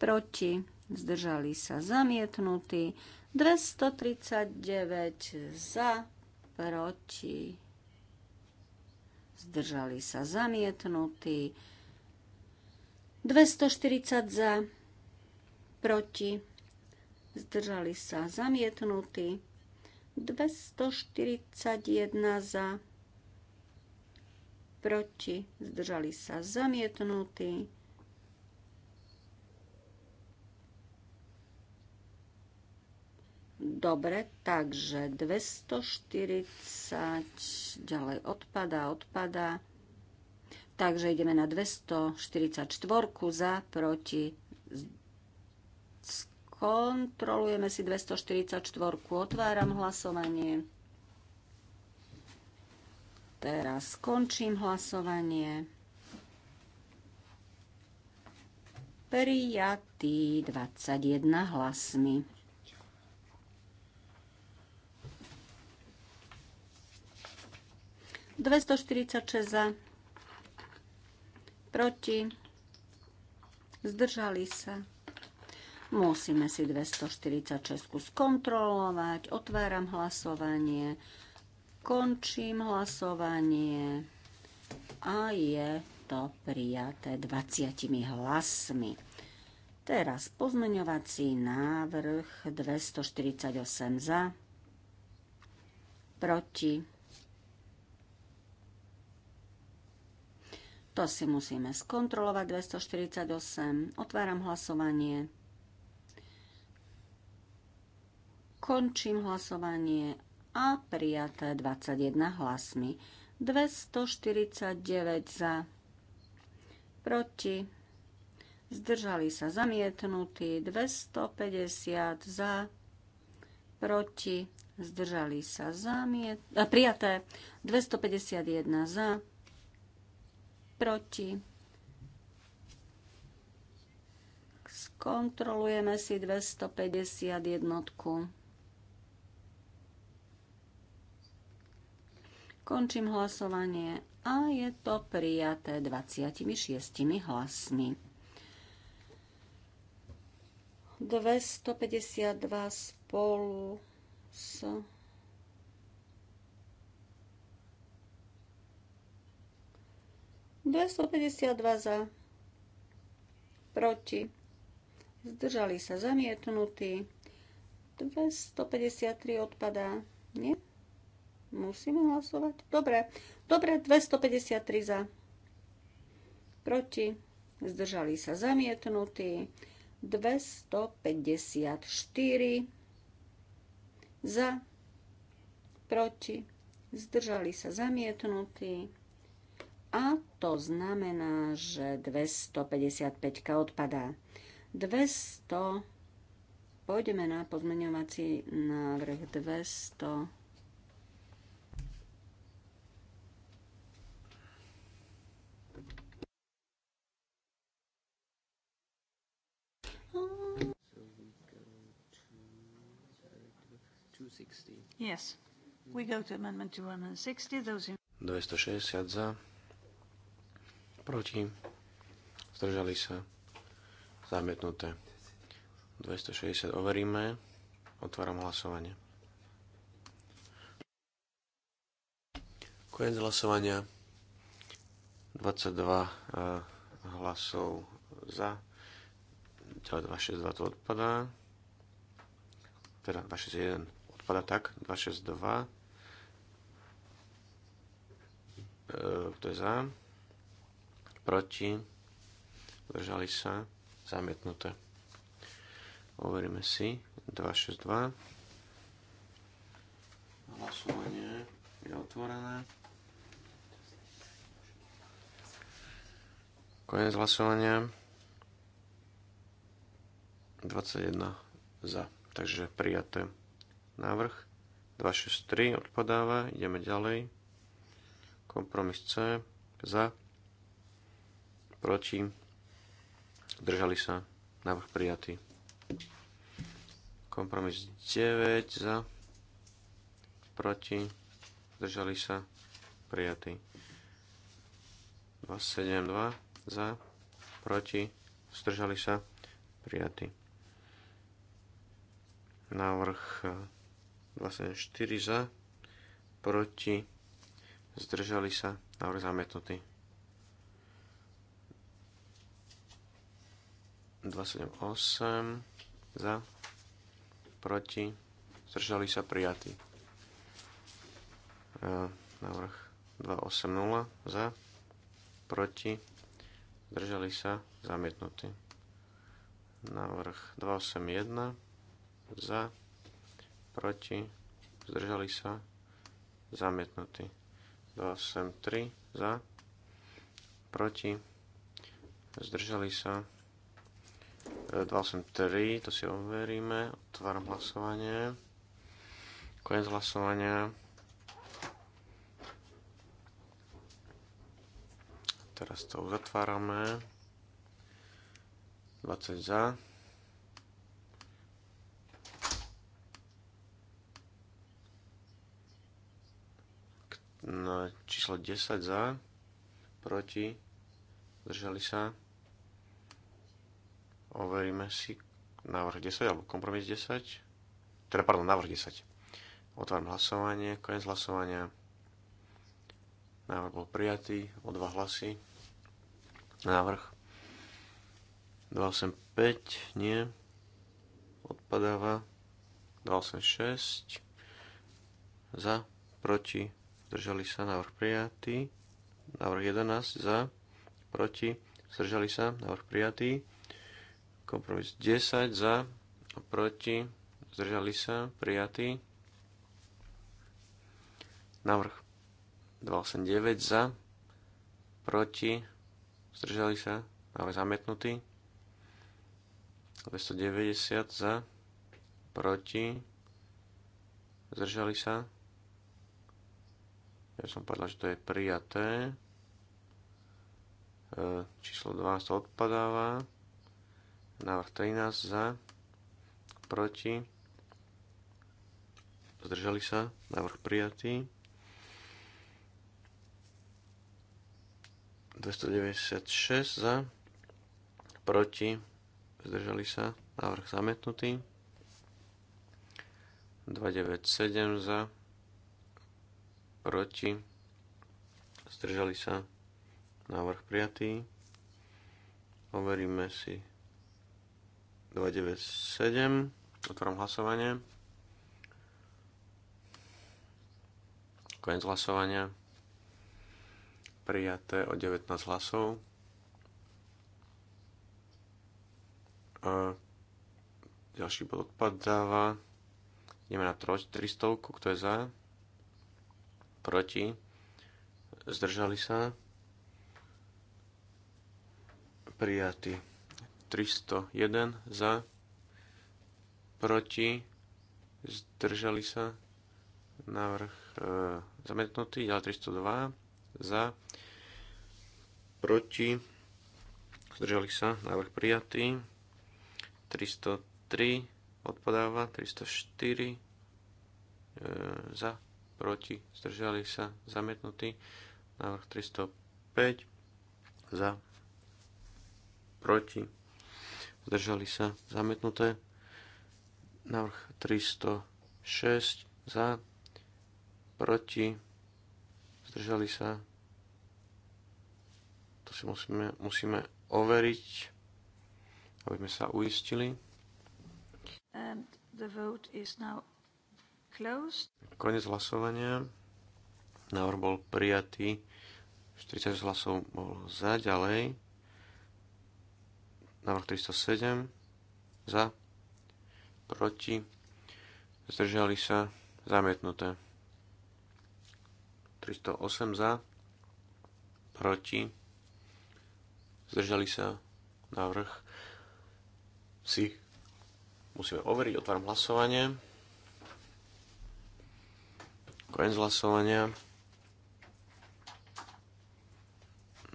proti, zdržali sa zamietnutí, 239 za, proti, zdržali sa zamietnutí, 240 za, proti, zdržali sa zamietnutí, 241 za, proti, zdržali sa zamietnutí, Dobre, takže 240 ďalej odpada, odpada. Takže ideme na 244 za, proti. Kontrolujeme si 244, otváram hlasovanie. Teraz skončím hlasovanie. Prijatý 21 hlasmi. 246 za, proti, zdržali sa. Musíme si 246 skontrolovať. Otváram hlasovanie, končím hlasovanie a je to prijaté 20 hlasmi. Teraz pozmeňovací návrh 248 za, proti, To si musíme skontrolovať. 248. Otváram hlasovanie. Končím hlasovanie a prijaté 21 hlasmi. 249 za, proti, zdržali sa zamietnutí, 250 za, proti, zdržali sa zamiet... prijaté, 251 za, proti. Skontrolujeme si jednotku. Končím hlasovanie a je to prijaté 26 hlasmi. 252 spolu s 252 za, proti, zdržali sa zamietnutí, 253 odpadá, nie? Musíme hlasovať? Dobre, dobre, 253 za, proti, zdržali sa zamietnutí, 254 za, proti, zdržali sa zamietnutí, a to znamená, že 255 odpadá. 200, pôjdeme na pozmeňovací návrh 200. Yes. We go to amendment 260. Those in... 260 za proti, zdržali sa, zamietnuté. 260 overíme, otváram hlasovanie. Koniec hlasovania. 22 eh, hlasov za, 262 teda to odpadá, teda 261 odpadá tak, 262 kto eh, je za? proti, držali sa, zamietnuté. Overíme si 262. Hlasovanie je otvorené. Konec hlasovania. 21 za. Takže prijaté. Návrh 263 odpadáva. Ideme ďalej. Kompromis C za proti, držali, sa, návrh prijatý. Kompromis 9 za, proti, zdržali sa, prijatý. 272 za, proti, zdržali sa, prijatý. Návrh 274 e, za, proti, zdržali sa, návrh zamietnutý. 278 za, proti, zdržali sa prijatí. E, návrh 280 za, proti, zdržali sa zamietnutí. Návrh 281 za, proti, zdržali sa zamietnutí. 283 za, proti, zdržali sa zamietnutí 283, to si overíme. Otváram hlasovanie. Koniec hlasovania. Teraz to uzatvárame. 20 za. Na číslo 10 za. Proti. Zdržali sa. Overíme si návrh 10 alebo kompromis 10. Teda, pardon, návrh 10. Otváram hlasovanie, koniec hlasovania. Návrh bol prijatý o dva hlasy. Návrh 285 nie. Odpadáva 286 za, proti, zdržali sa, návrh prijatý. Návrh 11 za, proti, zdržali sa, návrh prijatý. Kompromis 10 za, proti, zdržali sa, prijatý. Návrh 289 za, proti, zdržali sa, ale zamietnutý. 290 za, proti, zdržali sa. Ja som povedal, že to je prijaté. E, číslo 12 odpadáva. Návrh 13 za, proti, zdržali sa, návrh prijatý. 296 za, proti, zdržali sa, návrh zametnutý. 297 za, proti, zdržali sa, návrh prijatý. Overíme si 297. Otváram hlasovanie. Koniec hlasovania. Prijaté o 19 hlasov. A ďalší bod odpadáva. Ideme na 300, kto je za? Proti? Zdržali sa? Prijatý. 301 za, proti, zdržali sa, návrh e, zamietnutý, ďalej 302 za, proti, zdržali sa, návrh prijatý, 303 odpadáva, 304 e, za, proti, zdržali sa, zamietnutý, návrh 305 za, proti, zdržali sa zamietnuté. Návrh 306 za, proti, zdržali sa. To si musíme, musíme overiť, aby sme sa uistili. And the vote is now closed. Konec hlasovania. Návrh bol prijatý. 40 hlasov bol za ďalej. Návrh 307. Za. Proti. Zdržali sa. Zamietnuté. 308 za. Proti. Zdržali sa. Návrh si musíme overiť. Otváram hlasovanie. Koniec hlasovania.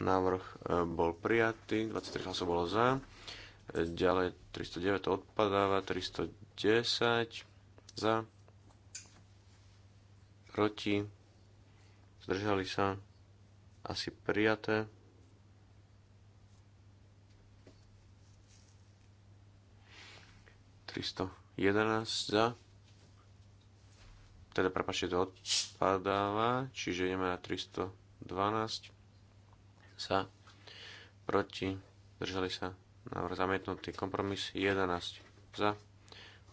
Návrh e, bol prijatý. 23 hlasov bolo za. Ďalej 309 odpadáva, 310 za, proti, zdržali sa, asi prijaté. Tristo jedenáct za. Teda, prepačte, to odpadáva, čiže ideme na 312 za, proti, zdržali sa, Návrh zamietnutý. Kompromis 11. Za.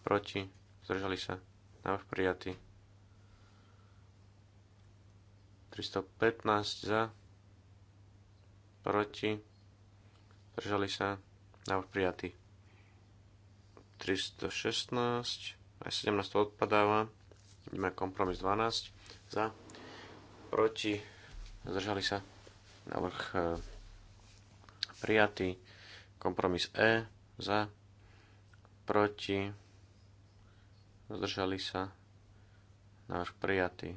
Proti. Zdržali sa. Návrh prijatý. 315 za. Proti. Zdržali sa. Návrh prijatý. 316. Aj 17 odpadáva. Vidíme kompromis 12. Za. Proti. Zdržali sa. Návrh eh, prijatý. Kompromis E za, proti, zdržali sa, náš prijatý.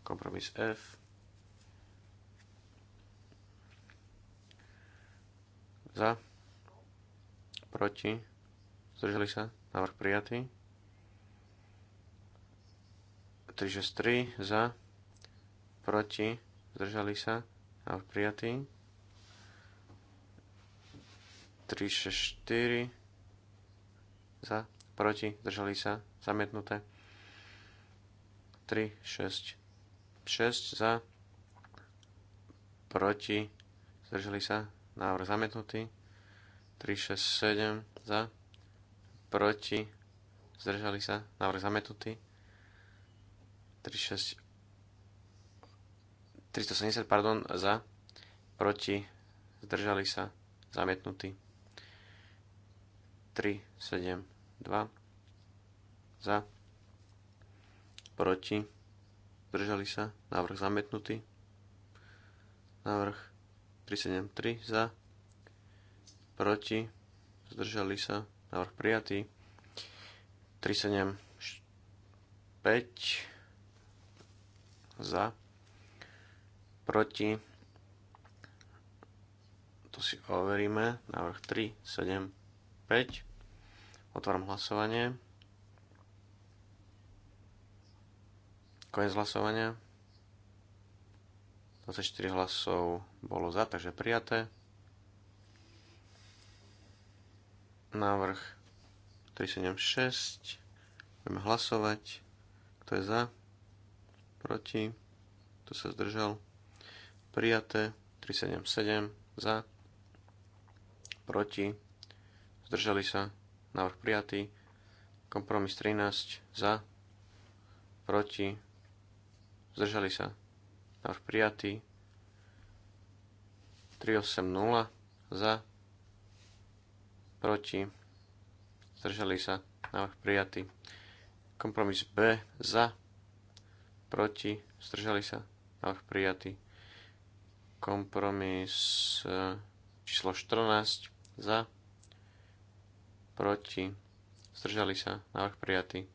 Kompromis F za, proti, zdržali sa, návrh prijatý. 363 za, proti, zdržali sa, návrh prijatí. 3, 6, 4, za, proti, zdržali sa, zamietnuté. 3, 6, 6, za, proti, zdržali sa, návrh zamietnutý. 3, 6, 7, za, proti, zdržali sa, návrh zamietnutý. 3, 6, 370, pardon, za, proti, zdržali sa, zamietnutý. 3, 7, 2, za, proti, zdržali sa, návrh zamietnutý. Návrh 373 za, proti, zdržali sa, návrh prijatý. 375 za, proti, to si overíme, návrh 3, 7, 5, otváram hlasovanie, koniec hlasovania, 24 hlasov bolo za, takže prijaté. Návrh 376. Budeme hlasovať. Kto je za? Proti? Kto sa zdržal? prijaté, 377 za, proti, zdržali sa, návrh prijatý, kompromis 13 za, proti, zdržali sa, návrh prijatý, 380 za, proti, zdržali sa, návrh prijatý, kompromis B za, proti, zdržali sa, návrh prijatý, Kompromis e, číslo 14 za, proti, zdržali sa, návrh prijatý.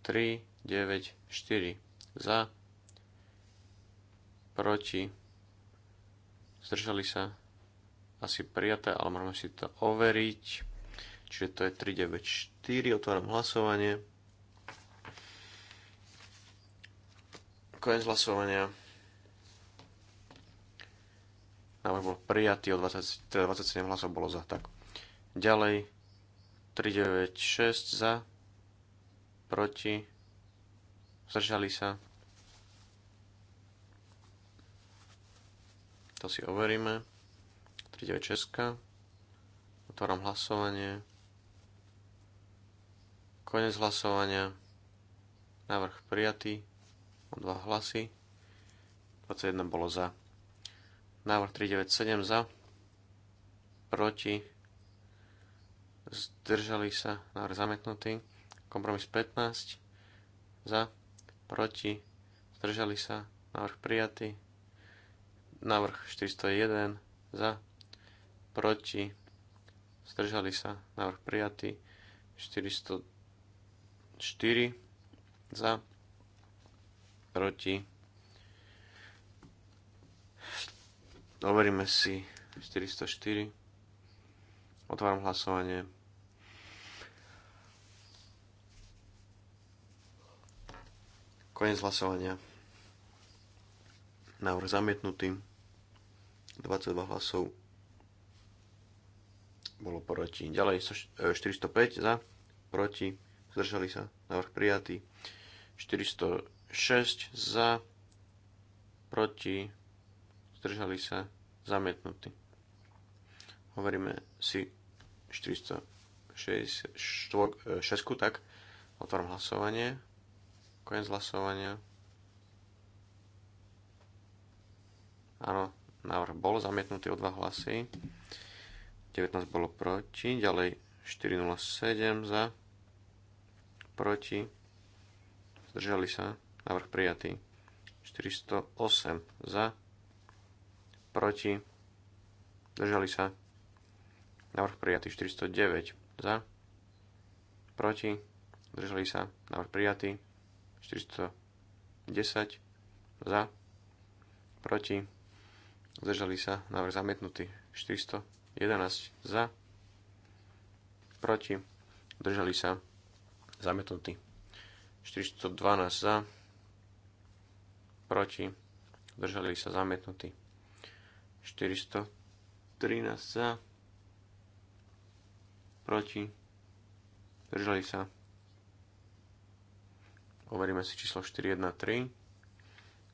3, 9, 4 za, proti, zdržali sa, asi prijaté, ale môžeme si to overiť. Čiže to je 3, 9, 4, otváram hlasovanie. Koniec hlasovania. Návrh bol prijatý, o 20, teda 27 hlasov bolo za. Tak. Ďalej 396 za, proti, zdržali sa. To si overíme. 396. Otváram hlasovanie. Konec hlasovania. Návrh prijatý. O dva hlasy. 21 bolo za. Návrh 397 za, proti, zdržali sa, návrh zametnutý. Kompromis 15 za, proti, zdržali sa, návrh prijatý. Návrh 401 za, proti, zdržali sa, návrh prijatý. 404 za, proti, Overíme si 404. Otváram hlasovanie. Koniec hlasovania. Návrh zamietnutý. 22 hlasov bolo proti. Ďalej 405 e, za, proti, zdržali sa, návrh prijatý. 406 za, proti, zdržali sa, zamietnutý. Hovoríme si 466, e, tak otvorím hlasovanie, koniec hlasovania. Áno, návrh bol zamietnutý o dva hlasy. 19 bolo proti, ďalej 407 za, proti, zdržali sa, návrh prijatý. 408 za, proti, držali sa. Návrh prijatý 409 za, proti, držali sa. Návrh prijatý 410 za, proti, zdržali sa. Návrh zamietnutý 411 za, proti, držali sa. Zamietnutý 412 za, proti, držali sa. Zamietnutý 413 za, proti, Držali sa. Overíme si číslo 413.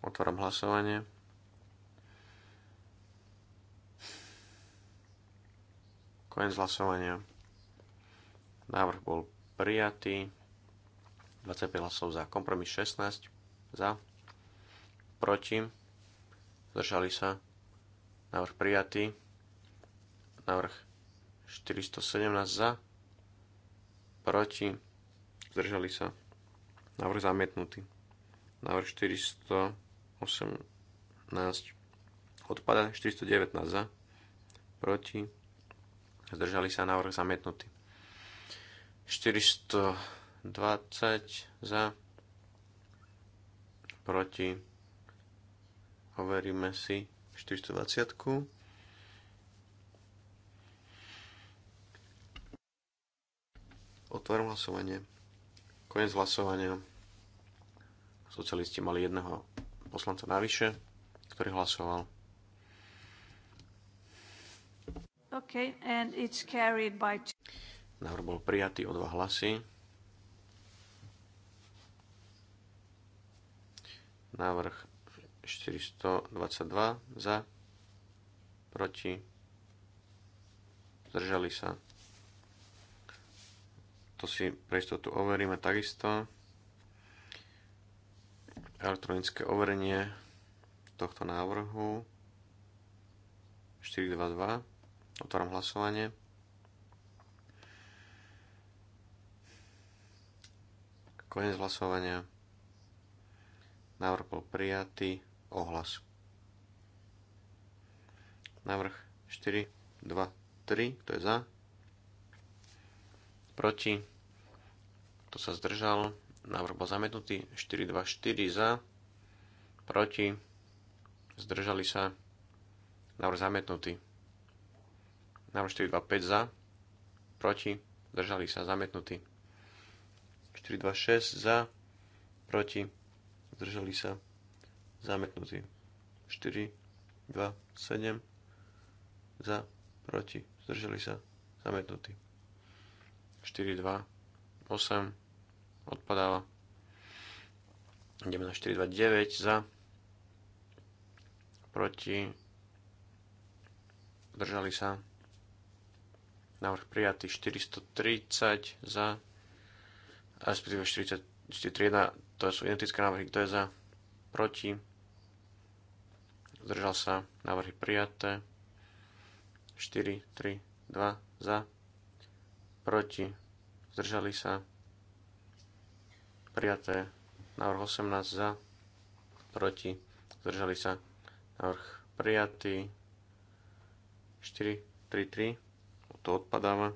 Otváram hlasovanie. Koniec hlasovania. Návrh bol prijatý. 25 hlasov za. Kompromis 16 za. Proti. Zdržali sa. Návrh prijatý. Návrh 417 za. Proti. Zdržali sa. Návrh zamietnutý. Návrh 418 odpada. 419 za. Proti. Zdržali sa. Návrh zamietnutý. 420 za. Proti. Overíme si 420. Otvorím Otváram hlasovanie. Konec hlasovania. Socialisti mali jedného poslanca navyše, ktorý hlasoval. Okay, and it's carried by... Návrh bol prijatý o dva hlasy. Návrh 422 za, proti, zdržali sa. To si pre istotu overíme takisto. Elektronické overenie tohto návrhu 422. Otváram hlasovanie. Koniec hlasovania. Návrh bol prijatý ohlas. navrh 4, 2, 3, to je za? Proti? to sa zdržal? Návrh bol zametnutý. 4, 2, 4 za. Proti? Zdržali sa. Návrh zamednutý, Návrh 4, 2, 5 za. Proti? Zdržali sa. zamednutý, 4, 2, 6 za. Proti? Zdržali sa Zamietnutý. 4, 2, 7. Za, proti, zdržali sa. Zamietnutý. 4, 2, 8. Odpadáva. Ideme na 4, 2, 9. Za, proti, zdržali sa. Návrh prijatý 430 za, respektíve 431, to sú identické návrhy, kto je za, proti, zdržal sa, návrhy prijaté. 4, 3, 2, za, proti, zdržali sa, prijaté. Návrh 18 za, proti, zdržali sa. Návrh prijatý. 4, 3, 3, to odpadáva.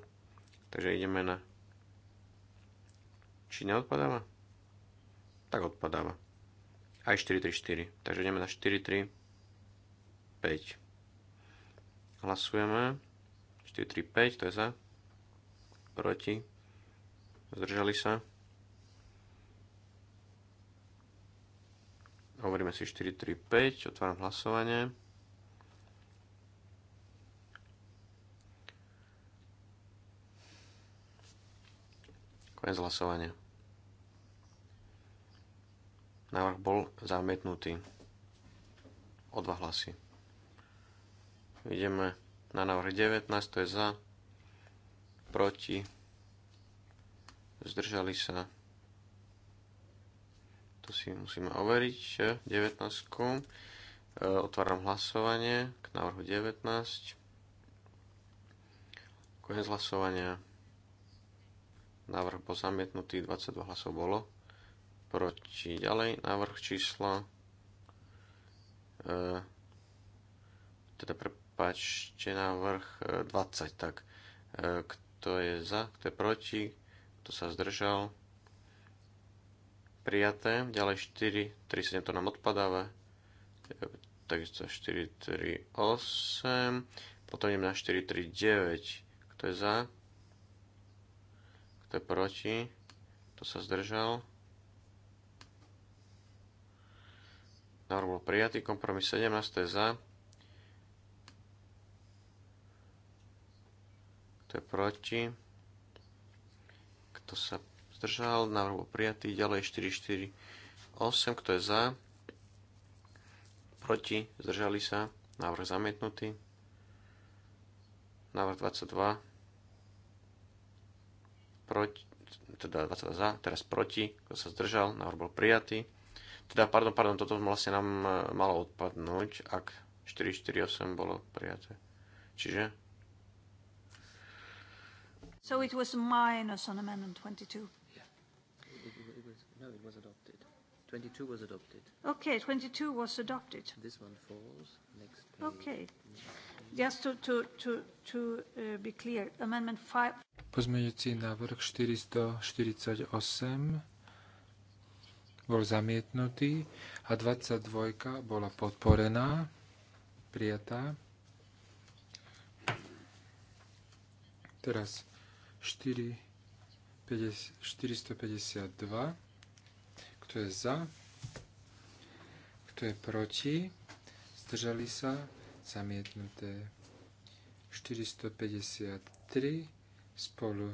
Takže ideme na... Či neodpadáva? Tak odpadáva. Aj 4, 3, 4. Takže ideme na 4, 3, 5. Hlasujeme. 4, 3, 5, to je za. Proti. Zdržali sa. Hovoríme si 4, 3, 5, otváram hlasovanie. Konec hlasovania. Návrh bol zamietnutý. O dva hlasy. Ideme na návrh 19, to je za, proti, zdržali sa. To si musíme overiť, 19. E, otváram hlasovanie k návrhu 19. Konec hlasovania. Návrh bol zamietnutý, 22 hlasov bolo. Proti ďalej, návrh čísla. E, teda pre na vrch 20, tak e, kto je za, kto je proti, kto sa zdržal, prijaté, ďalej 4, 3, 7 to nám odpadáva, e, takisto 4, 3, 8, potom idem na 4, 3, 9, kto je za, kto je proti, kto sa zdržal, Návrh bol prijatý, kompromis 17, to je za, Kto je proti? Kto sa zdržal? Návrh bol prijatý. Ďalej 8. Kto je za? Proti? Zdržali sa? Návrh zamietnutý. Návrh 22. Proti, teda 22 za, teraz proti, kto sa zdržal, návrh bol prijatý. Teda, pardon, pardon, toto vlastne nám e, malo odpadnúť, ak 448 bolo prijaté. Čiže so it was minus on amendment 22. Yeah. It, it, it was, no, it was adopted. 22 was adopted. Okay, 22 was adopted. This one falls. Next page. Okay. Just to, to, to, to uh, be clear, amendment 5. Pozmeňujúci návrh 448 bol zamietnutý a 22 bola podporená, prijatá. Teraz 4, 452. Kto je za? Kto je proti? Zdržali sa? Zamietnuté. 453 spolu.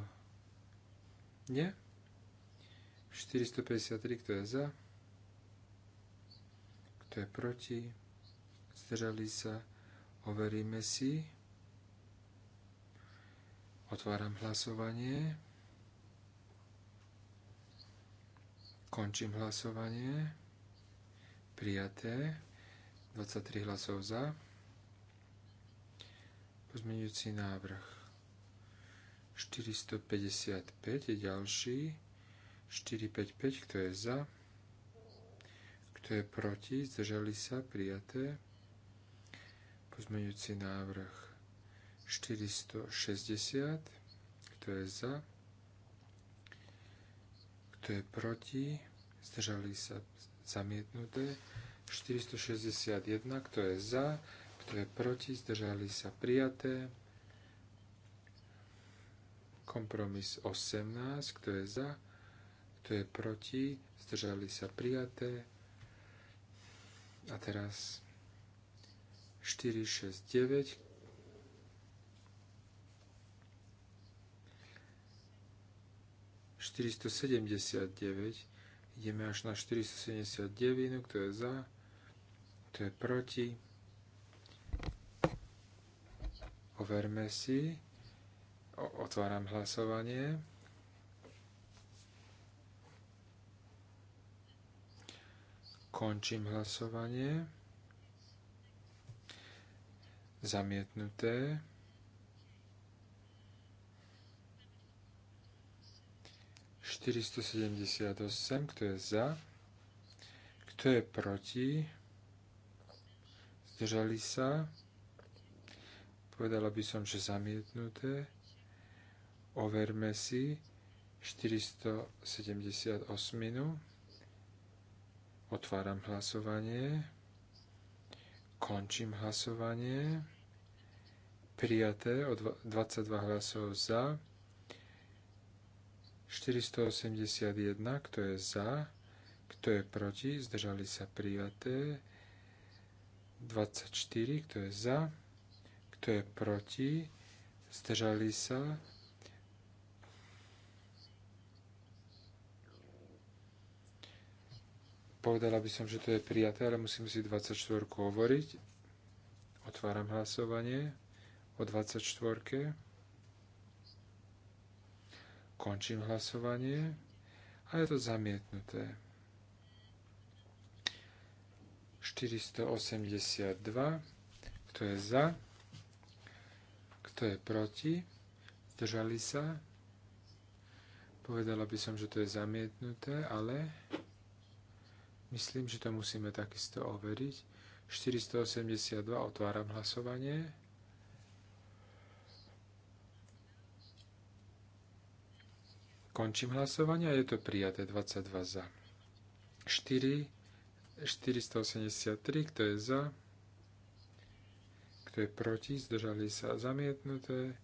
Nie? 453, kto je za? Kto je proti? Zdržali sa? Overíme si. Otváram hlasovanie. Končím hlasovanie. Prijaté. 23 hlasov za. Pozmeňujúci návrh 455 je ďalší. 455, kto je za? Kto je proti? Zdržali sa? Prijaté. Pozmeňujúci návrh 460, kto je za, kto je proti, zdržali sa zamietnuté, 461, kto je za, kto je proti, zdržali sa prijaté, kompromis 18, kto je za, kto je proti, zdržali sa prijaté, a teraz 469, 479. Ideme až na 479, no kto je za, kto je proti. Overme si. O, otváram hlasovanie. Končím hlasovanie. Zamietnuté. 478, kto je za, kto je proti, zdržali sa, povedala by som, že zamietnuté, overme si 478. Otváram hlasovanie. Končím hlasovanie. Prijaté o 22 hlasov za. 481, kto je za, kto je proti, zdržali sa prijaté. 24, kto je za, kto je proti, zdržali sa. Povedala by som, že to je prijaté, ale musím si 24 hovoriť. Otváram hlasovanie o 24. Končím hlasovanie a je to zamietnuté. 482. Kto je za? Kto je proti? Zdržali sa? Povedala by som, že to je zamietnuté, ale myslím, že to musíme takisto overiť. 482. Otváram hlasovanie. Končím hlasovanie a je to prijaté 22 za. 4, 483, kto je za, kto je proti, zdržali sa zamietnuté,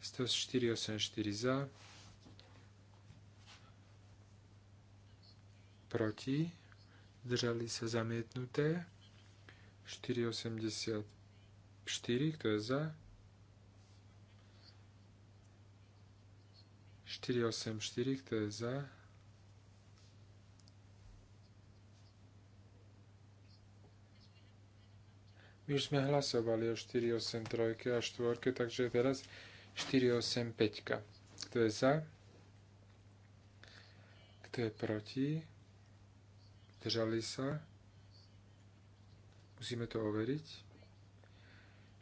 84 za, proti, zdržali sa zamietnuté, 484, kto je za, 484, kto je za? My už sme hlasovali o 483 a 4, takže teraz 485. Kto je za? Kto je proti? Držali sa? Musíme to overiť.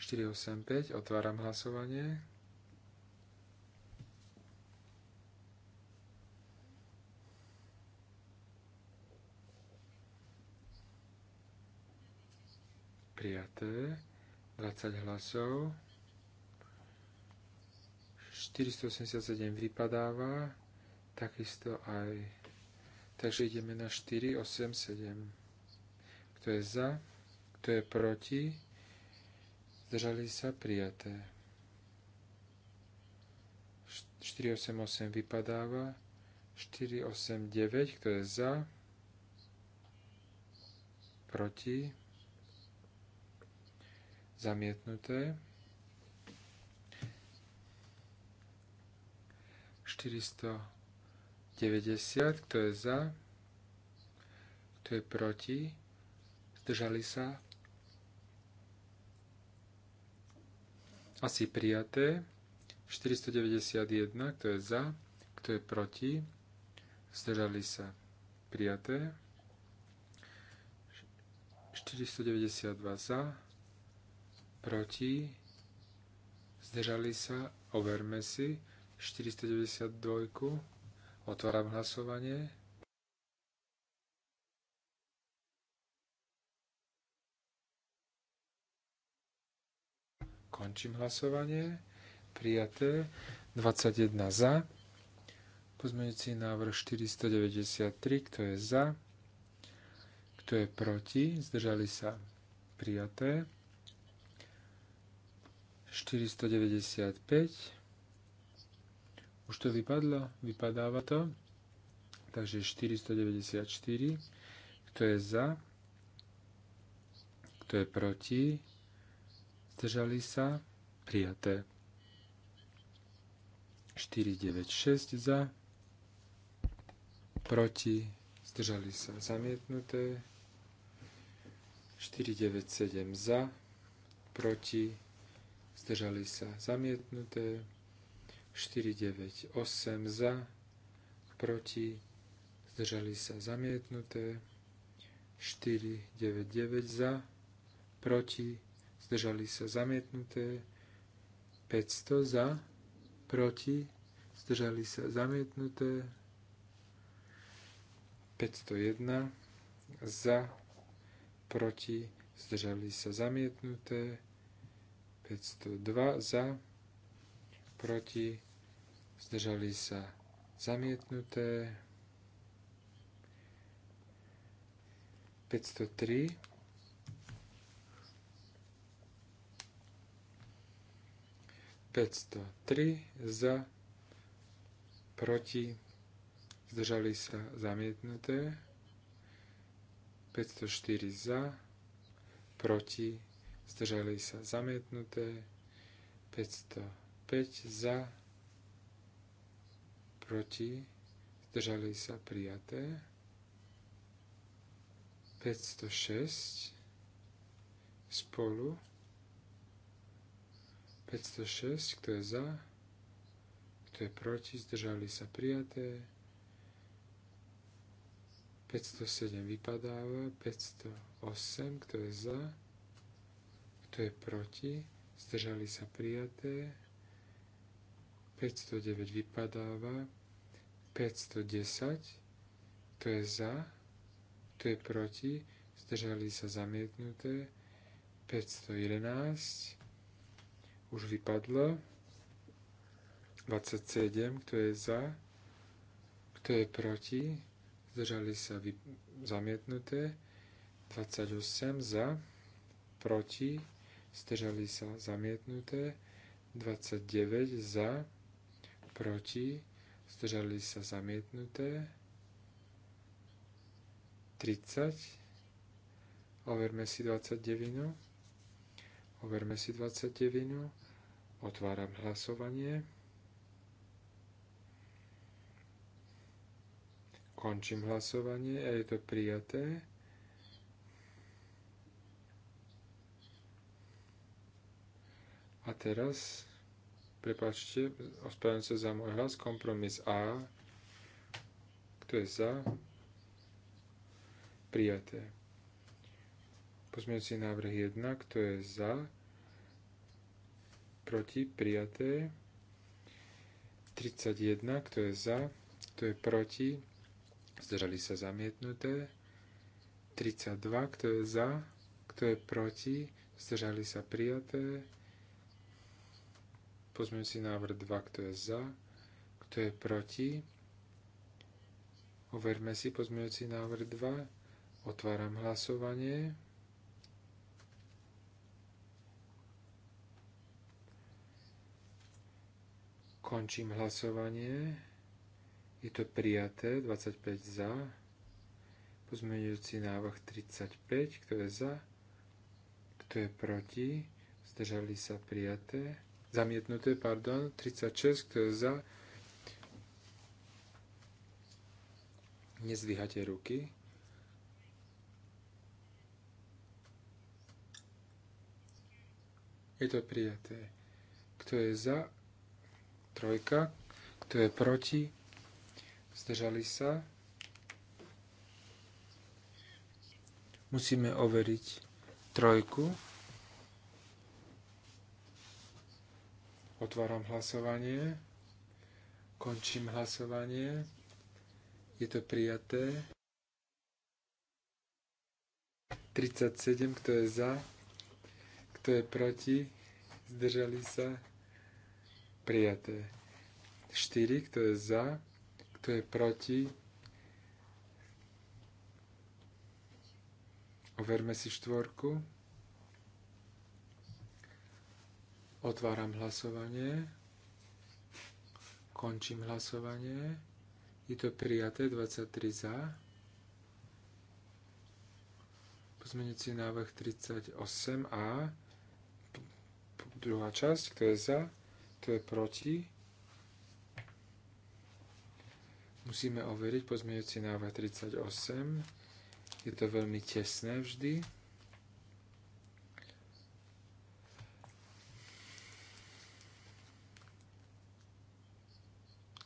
485, otváram hlasovanie. prijaté. 20 hlasov. 487 vypadáva. Takisto aj... Takže ideme na 487. Kto je za? Kto je proti? Zdržali sa prijaté. 488 vypadáva. 489, kto je za? Proti? zamietnuté. 490, kto je za, kto je proti, zdržali sa. Asi prijaté. 491, kto je za, kto je proti, zdržali sa. Prijaté. 492 za, proti, zdržali sa, overme si, 492, otváram hlasovanie. Končím hlasovanie. Prijaté. 21 za. Pozmeňujúci návrh 493. Kto je za? Kto je proti? Zdržali sa. Prijaté. 495. Už to vypadlo? Vypadáva to. Takže 494. Kto je za? Kto je proti? Zdržali sa? Prijaté. 496 za. Proti? Zdržali sa? Zamietnuté. 497 za. Proti? zdržali sa zamietnuté, 8 za, proti, zdržali sa zamietnuté, 9 za, proti, zdržali sa zamietnuté, 500 za, proti, zdržali sa zamietnuté, 501 za, proti, zdržali sa zamietnuté, 502 za, proti, zdržali sa zamietnuté. 503 503 za, proti, zdržali sa zamietnuté, 504 za, proti, zdržali sa zamietnuté, 505 za, proti, zdržali sa prijaté, 506 spolu, 506, kto je za, kto je proti, zdržali sa prijaté, 507 vypadáva, 508, kto je za, kto je proti, zdržali sa prijaté, 509 vypadáva, 510, kto je za, kto je proti, zdržali sa zamietnuté, 511, už vypadlo, 27, kto je za, kto je proti, zdržali sa vy, zamietnuté, 28 za, proti, zdržali sa zamietnuté, 29 za, proti, zdržali sa zamietnuté, 30, overme si 29, overme si 29, otváram hlasovanie, končím hlasovanie a je to prijaté, A teraz, prepáčte, ospravedlňujem sa za môj hlas, kompromis A. Kto je za? Prijaté. Pozmeňujúci návrh 1. Kto je za? Proti? Prijaté. 31. Kto je za? Kto je proti? Zdržali sa zamietnuté. 32. Kto je za? Kto je proti? Zdržali sa prijaté. Pozmeňujúci návrh 2, kto je za, kto je proti. Overme si pozmeňujúci návrh 2. Otváram hlasovanie. Končím hlasovanie. Je to prijaté. 25 za. Pozmeňujúci návrh 35. Kto je za? Kto je proti? Zdržali sa prijaté zamietnuté, pardon, 36, kto je za, nezdvíhate ruky. Je to prijaté. Kto je za? Trojka. Kto je proti? Zdržali sa? Musíme overiť trojku. Otváram hlasovanie. Končím hlasovanie. Je to prijaté. 37, kto je za, kto je proti, zdržali sa, prijaté. 4, kto je za, kto je proti, overme si štvorku. Otváram hlasovanie. Končím hlasovanie. Je to prijaté 23 za. Pozmenujúci návrh 38a. Druhá časť, kto je za, kto je proti. Musíme overiť pozmenujúci návrh 38. Je to veľmi tesné vždy.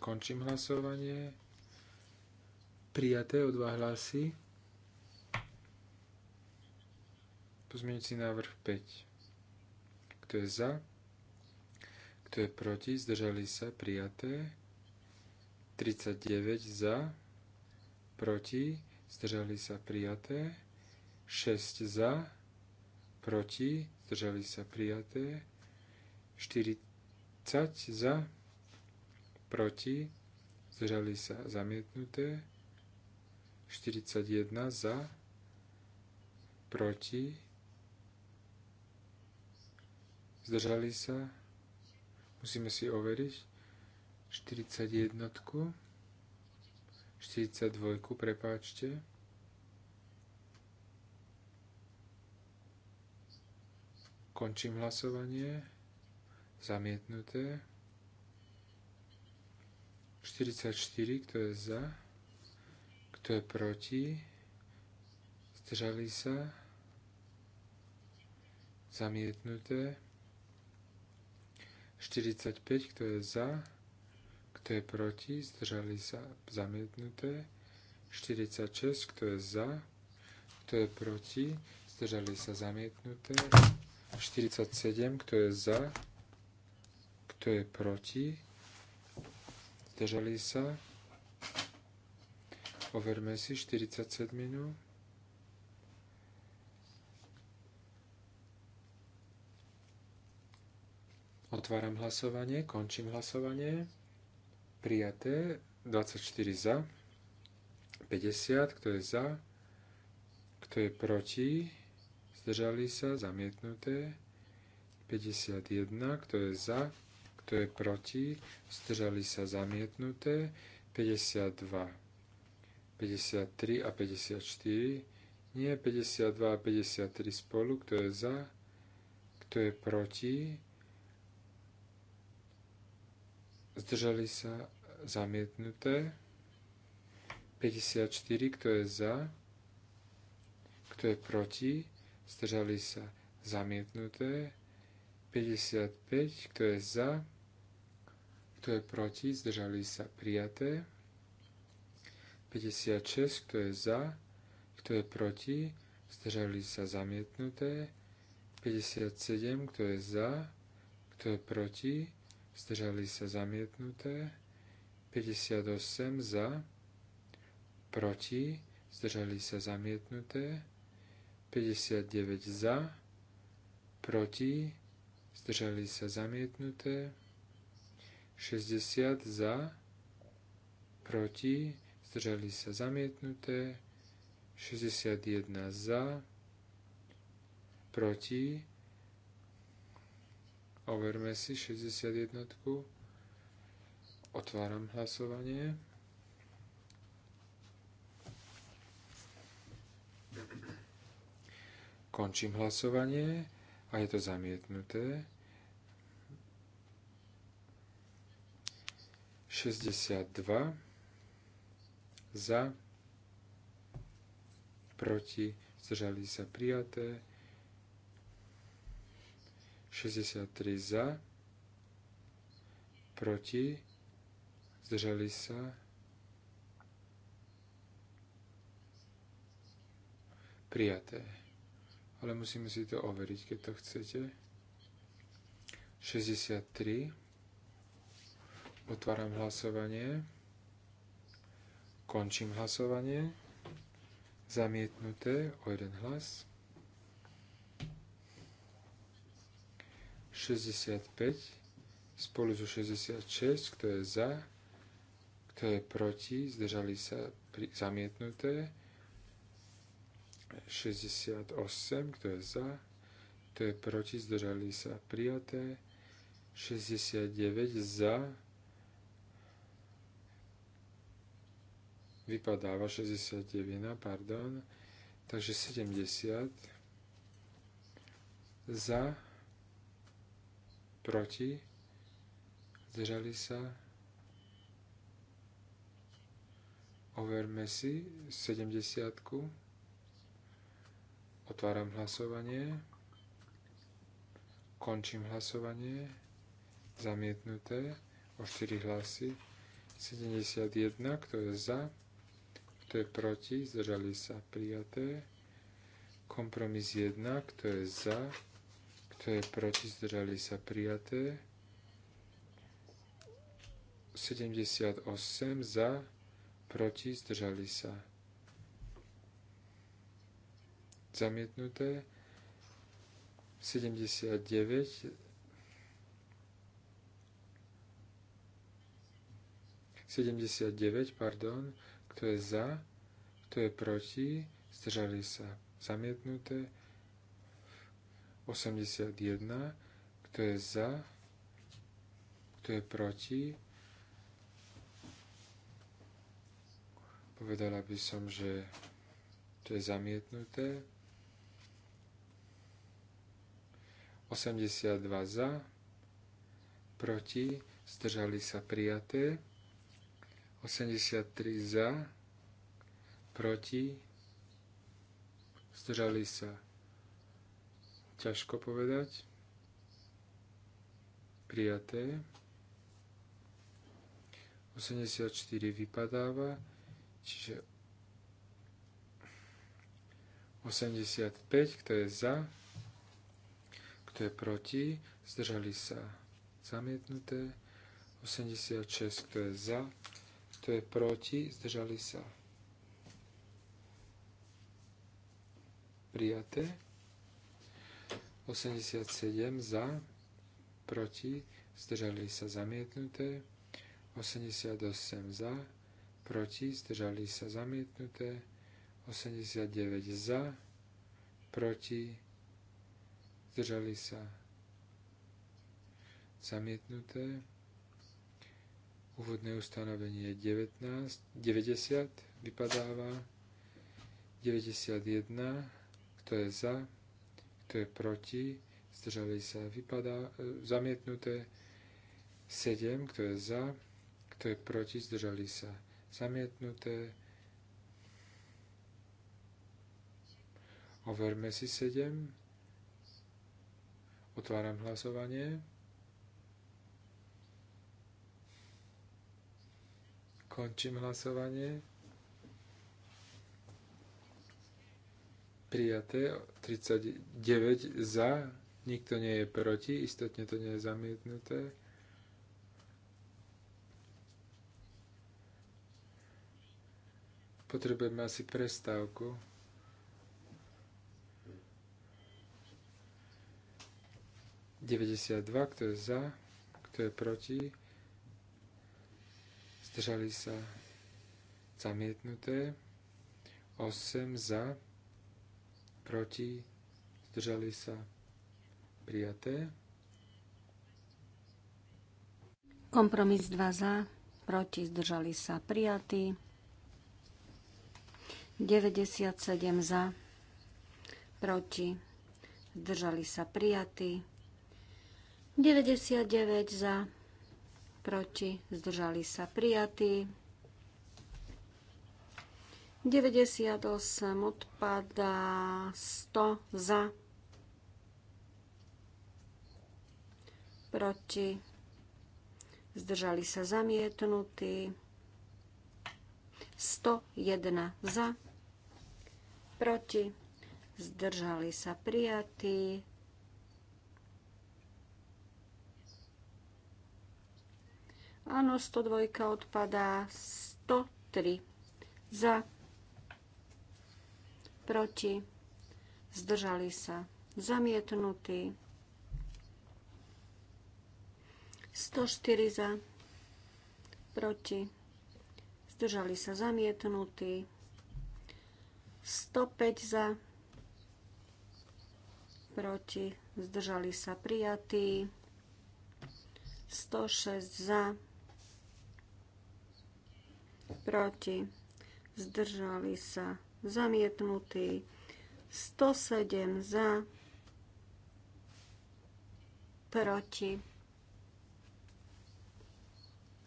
Končím hlasovanie. Prijaté o dva hlasy. Pozmeňujúci návrh 5. Kto je za? Kto je proti? Zdržali sa? Prijaté. 39 za. Proti? Zdržali sa? Prijaté. 6 za. Proti? Zdržali sa? Prijaté. 40 za proti, zdržali sa zamietnuté, 41 za, proti, zdržali sa, musíme si overiť, 41, 42, prepáčte, končím hlasovanie, zamietnuté, 44, kto je za, kto je proti, zdržali sa, zamietnuté. 45, kto je za, kto je proti, zdržali sa, zamietnuté. 46, kto je za, kto je proti, zdržali sa, zamietnuté. 47, kto je za, kto je proti, Zdržali sa. Overme si 47 minút. Otváram hlasovanie, končím hlasovanie. Prijaté 24 za, 50, kto je za, kto je proti, zdržali sa, zamietnuté. 51, kto je za, kto je proti, zdržali sa zamietnuté, 52, 53 a 54, nie 52 a 53 spolu, kto je za, kto je proti, zdržali sa zamietnuté, 54, kto je za, kto je proti, zdržali sa zamietnuté, 55, kto je za, kto je proti, zdržali sa prijaté. 56, kto je za, kto je proti, zdržali sa zamietnuté. 57, kto je za, kto je proti, zdržali sa zamietnuté. 58 za, proti, zdržali sa zamietnuté. 59 za, proti, zdržali sa zamietnuté. 60 za, proti, zdržali sa zamietnuté, 61 za, proti, overme si 61, otváram hlasovanie. Končím hlasovanie a je to zamietnuté. 62 za, proti, zdržali sa prijaté, 63 za, proti, zdržali sa, prijaté. Ale musíme si to overiť, keď to chcete. 63 Otváram hlasovanie. Končím hlasovanie. Zamietnuté o jeden hlas. 65 spolu so 66, kto je za, kto je proti, zdržali sa pri, zamietnuté. 68, kto je za, kto je proti, zdržali sa prijaté. 69 za, vypadáva 69, pardon, takže 70 za, proti, zdržali sa, overme si 70. -ku. Otváram hlasovanie. Končím hlasovanie. Zamietnuté o 4 hlasy. 71, kto je za, kto je proti, zdržali sa prijaté. Kompromis 1, kto je za, kto je proti, zdržali sa prijaté. 78 za, proti, zdržali sa. Zamietnuté. 79 79, pardon, kto je za? Kto je proti? Zdržali sa zamietnuté. 81. Kto je za? Kto je proti? Povedala by som, že to je zamietnuté. 82 za, proti, zdržali sa prijaté. 83 za, proti, zdržali sa. Ťažko povedať. Prijaté. 84 vypadáva, čiže 85, kto je za, kto je proti, zdržali sa. Zamietnuté. 86, kto je za, kto je proti? Zdržali sa. Prijaté. 87 za. Proti. Zdržali sa zamietnuté. 88 za. Proti. Zdržali sa zamietnuté. 89 za. Proti. Zdržali sa zamietnuté. Úvodné ustanovenie 19, 90 vypadáva. 91, kto je za, kto je proti, zdržali sa, vypadá, e, zamietnuté. 7, kto je za, kto je proti, zdržali sa, zamietnuté. Overme si 7. Otváram hlasovanie. Končím hlasovanie. Prijaté 39 za, nikto nie je proti, istotne to nie je zamietnuté. Potrebujeme asi prestávku. 92, kto je za, kto je proti zdržali sa zamietnuté, 8 za, proti, zdržali sa prijaté. Kompromis 2 za, proti, zdržali sa prijatí. 97 za, proti, zdržali sa prijatí. 99 za, proti, zdržali sa prijatí. 98 odpadá, 100 za, proti, zdržali sa zamietnutí, 101 za, proti, zdržali sa prijatí, Áno, 102 odpadá. 103 za, proti, zdržali sa, zamietnutý. 104 za, proti, zdržali sa, zamietnutý. 105 za, proti, zdržali sa, prijatí, 106 za, proti, zdržali sa, zamietnutý, 107 za, proti,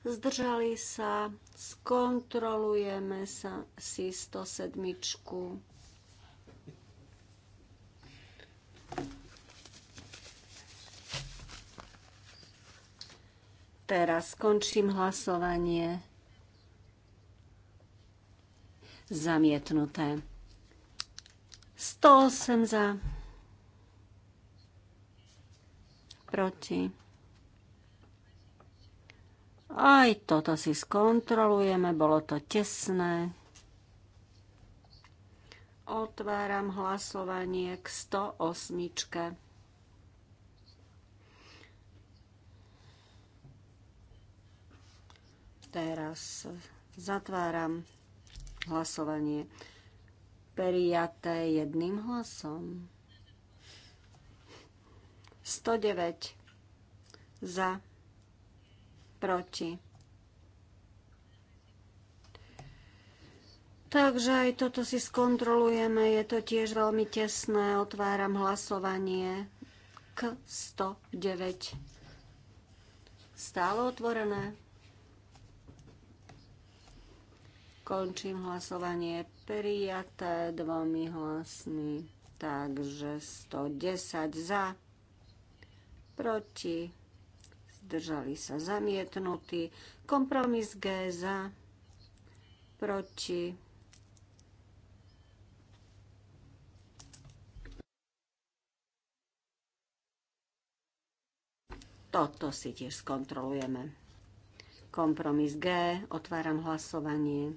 zdržali sa, skontrolujeme sa si 107. Teraz skončím hlasovanie zamietnuté. 108 za, proti. Aj toto si skontrolujeme, bolo to tesné. Otváram hlasovanie k 108. Teraz zatváram Hlasovanie prijaté jedným hlasom. 109 za, proti. Takže aj toto si skontrolujeme, je to tiež veľmi tesné. Otváram hlasovanie k 109. Stále otvorené. Končím hlasovanie prijaté dvomi hlasmi. Takže 110 za, proti, zdržali sa zamietnutí. Kompromis G za, proti, Toto si tiež skontrolujeme. Kompromis G. Otváram hlasovanie.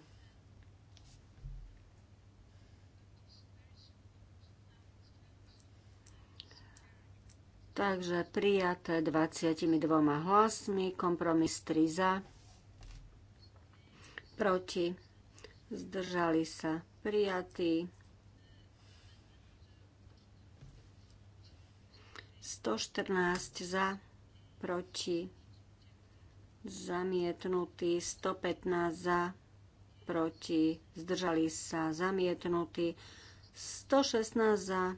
Takže prijaté 22 hlasmi, kompromis 3 za, proti, zdržali sa, prijatí. 114 za, proti, zamietnutý, 115 za, proti, zdržali sa, zamietnutý, 116 za,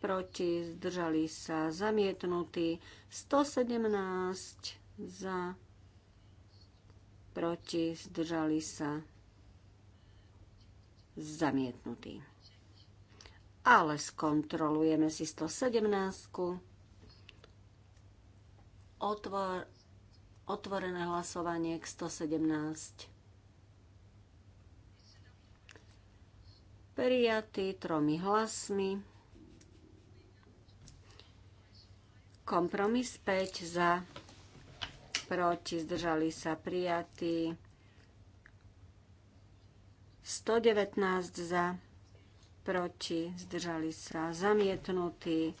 proti, zdržali sa zamietnutí, 117 za, proti, zdržali sa zamietnutí. Ale skontrolujeme si 117. Otvor, otvorené hlasovanie k 117. Prijatý tromi hlasmi. Kompromis 5 za, proti, zdržali sa prijatí. 119 za, proti, zdržali sa zamietnutí.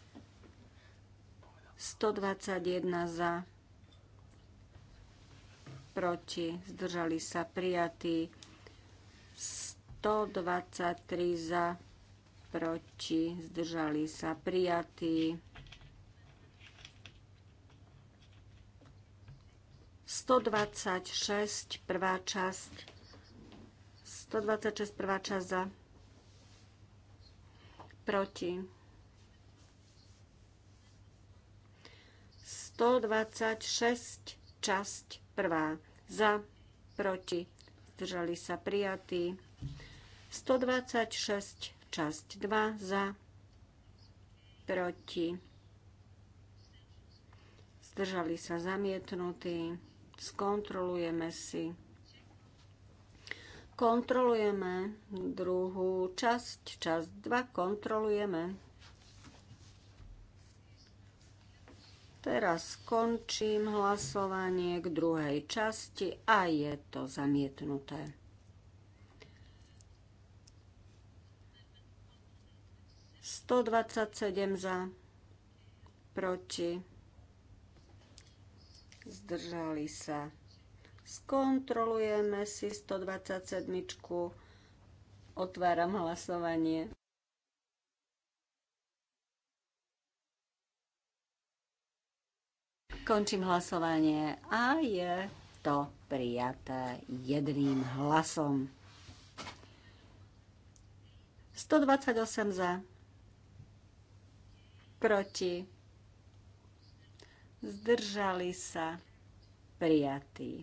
121 za, proti, zdržali sa prijatí. 123 za, proti, zdržali sa prijatí. 126, prvá časť. 126, prvá časť za. Proti. 126, časť prvá. Za, proti. Zdržali sa prijatí. 126, časť 2. Za, proti. Zdržali sa zamietnutí skontrolujeme si. Kontrolujeme druhú časť, časť 2, kontrolujeme. Teraz skončím hlasovanie k druhej časti a je to zamietnuté. Sto dvadsať sedem za, proti zdržali sa. Skontrolujeme si 127. Otváram hlasovanie. Končím hlasovanie a je to prijaté jedným hlasom. 128 za, proti zdržali sa, prijatí.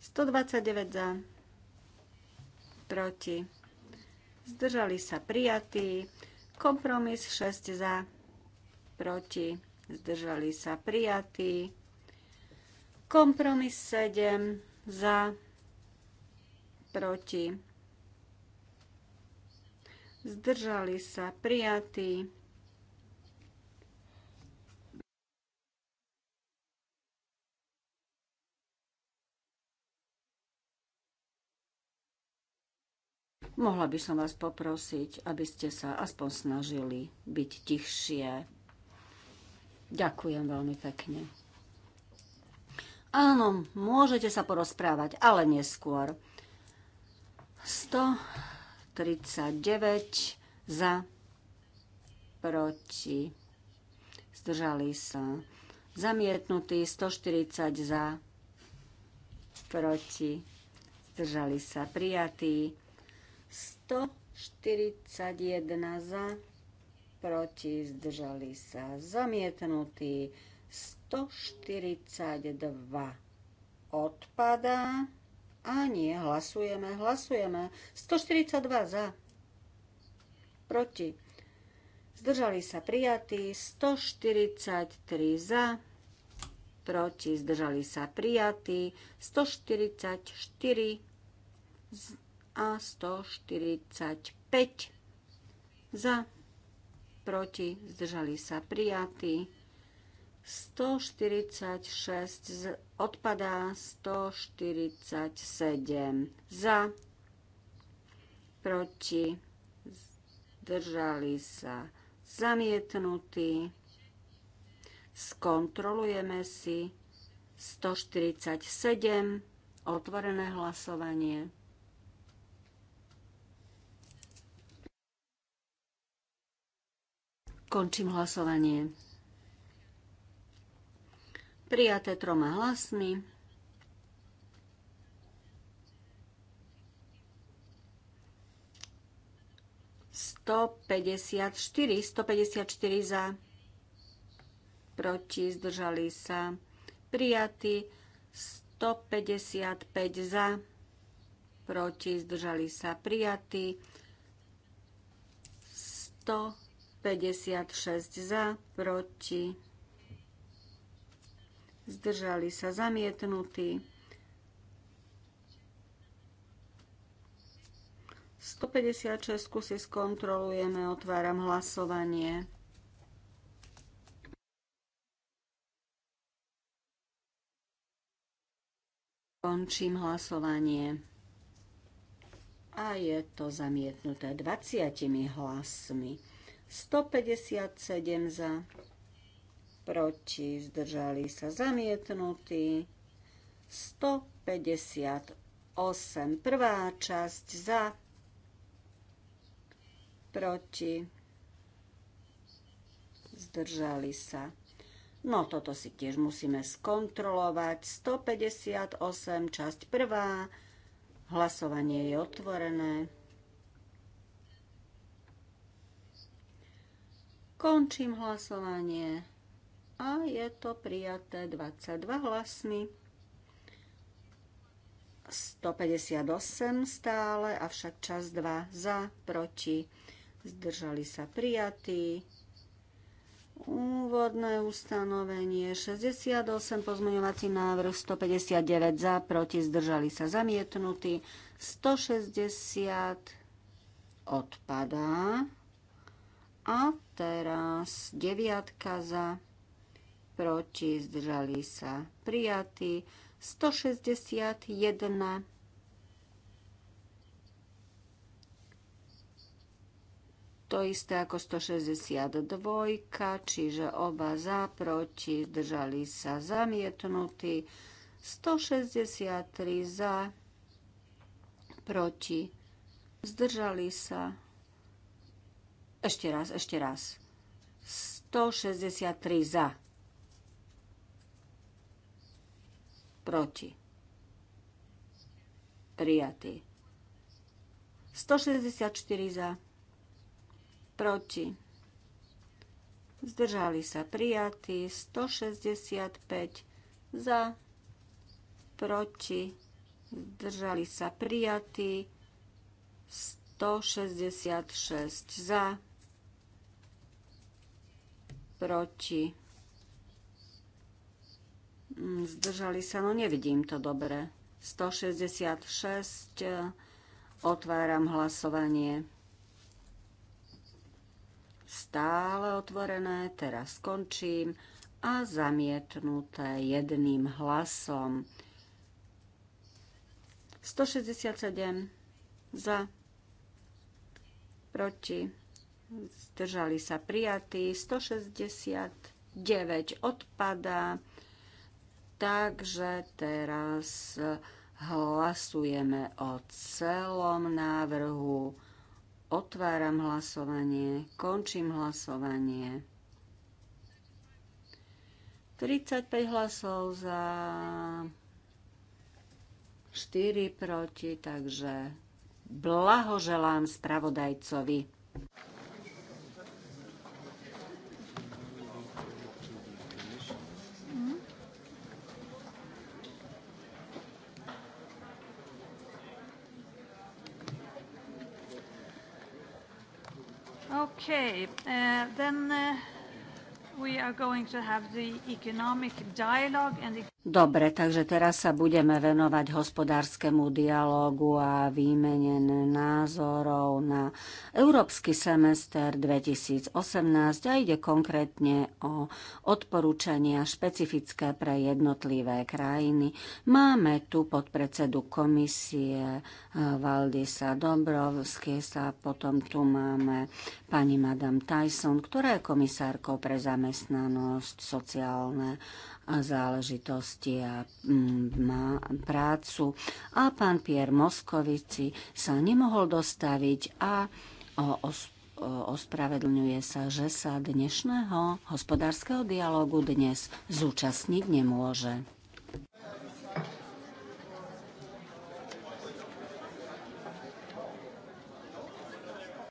129 za, proti, zdržali sa, prijatí, Kompromis 6 za, proti, zdržali sa, prijatí, Kompromis 7 za, proti, zdržali sa, prijatí. Mohla by som vás poprosiť, aby ste sa aspoň snažili byť tichšie. Ďakujem veľmi pekne. Áno, môžete sa porozprávať, ale neskôr. 139 za, proti, zdržali sa. Zamietnutý 140 za, proti, zdržali sa. Prijatý 141 za, proti, zdržali sa zamietnutí. 142 odpadá. A nie, hlasujeme, hlasujeme. 142 za, proti, zdržali sa prijatí. 143 za, proti, zdržali sa prijatí. 144 za a 145 za, proti, zdržali sa prijatí. 146 z, odpadá, 147 za, proti, zdržali sa zamietnutí. Skontrolujeme si 147 otvorené hlasovanie. Končím hlasovanie. Prijaté troma hlasmi. Sto päťdesiat štyri, sto päťdesiat štyri za, proti, zdržali sa, prijatí, sto päťdesiat päť za, proti, zdržali sa, prijatí, sto 56 za, proti, zdržali sa zamietnutí. 156 si skontrolujeme, otváram hlasovanie. Končím hlasovanie. A je to zamietnuté 20 hlasmi. 157 za, proti, zdržali sa zamietnutí, 158, prvá časť za, proti, zdržali sa. No toto si tiež musíme skontrolovať. 158, časť prvá, hlasovanie je otvorené. Končím hlasovanie. A je to prijaté 22 hlasmi. 158 stále, avšak čas 2 za, proti. Zdržali sa prijatí. Úvodné ustanovenie 68, pozmeňovací návrh 159 za, proti, zdržali sa zamietnutí. 160 odpadá. A teraz deviatka za, proti, zdržali sa prijatí. 161 to isté ako 162, čiže oba za, proti, zdržali sa zamietnutí, 163 za, proti, zdržali sa ešte raz, ešte raz. 163 za. Proti. Prijatý. 164 za. Proti. Zdržali sa prijatí. 165 za. Proti. Zdržali sa prijatí. 166 za proti. Mm, zdržali sa, no nevidím to dobre. 166, e, otváram hlasovanie. Stále otvorené, teraz skončím a zamietnuté jedným hlasom. 167 za, proti zdržali sa prijatí, 169 odpadá, takže teraz hlasujeme o celom návrhu. Otváram hlasovanie, končím hlasovanie. 35 hlasov za 4 proti, takže blahoželám spravodajcovi. Okay. Uh, e, then, uh... Dobre, takže teraz sa budeme venovať hospodárskemu dialógu a výmene názorov na Európsky semester 2018 a ide konkrétne o odporúčania špecifické pre jednotlivé krajiny. Máme tu podpredsedu komisie eh, Valdisa sa potom tu máme pani Madame Tyson, ktorá je komisárkou pre zamestnanie zamestnanosť, sociálne záležitosti a mm, prácu. A pán Pier Moskovici sa nemohol dostaviť a ospravedlňuje sa, že sa dnešného hospodárskeho dialogu dnes zúčastniť nemôže.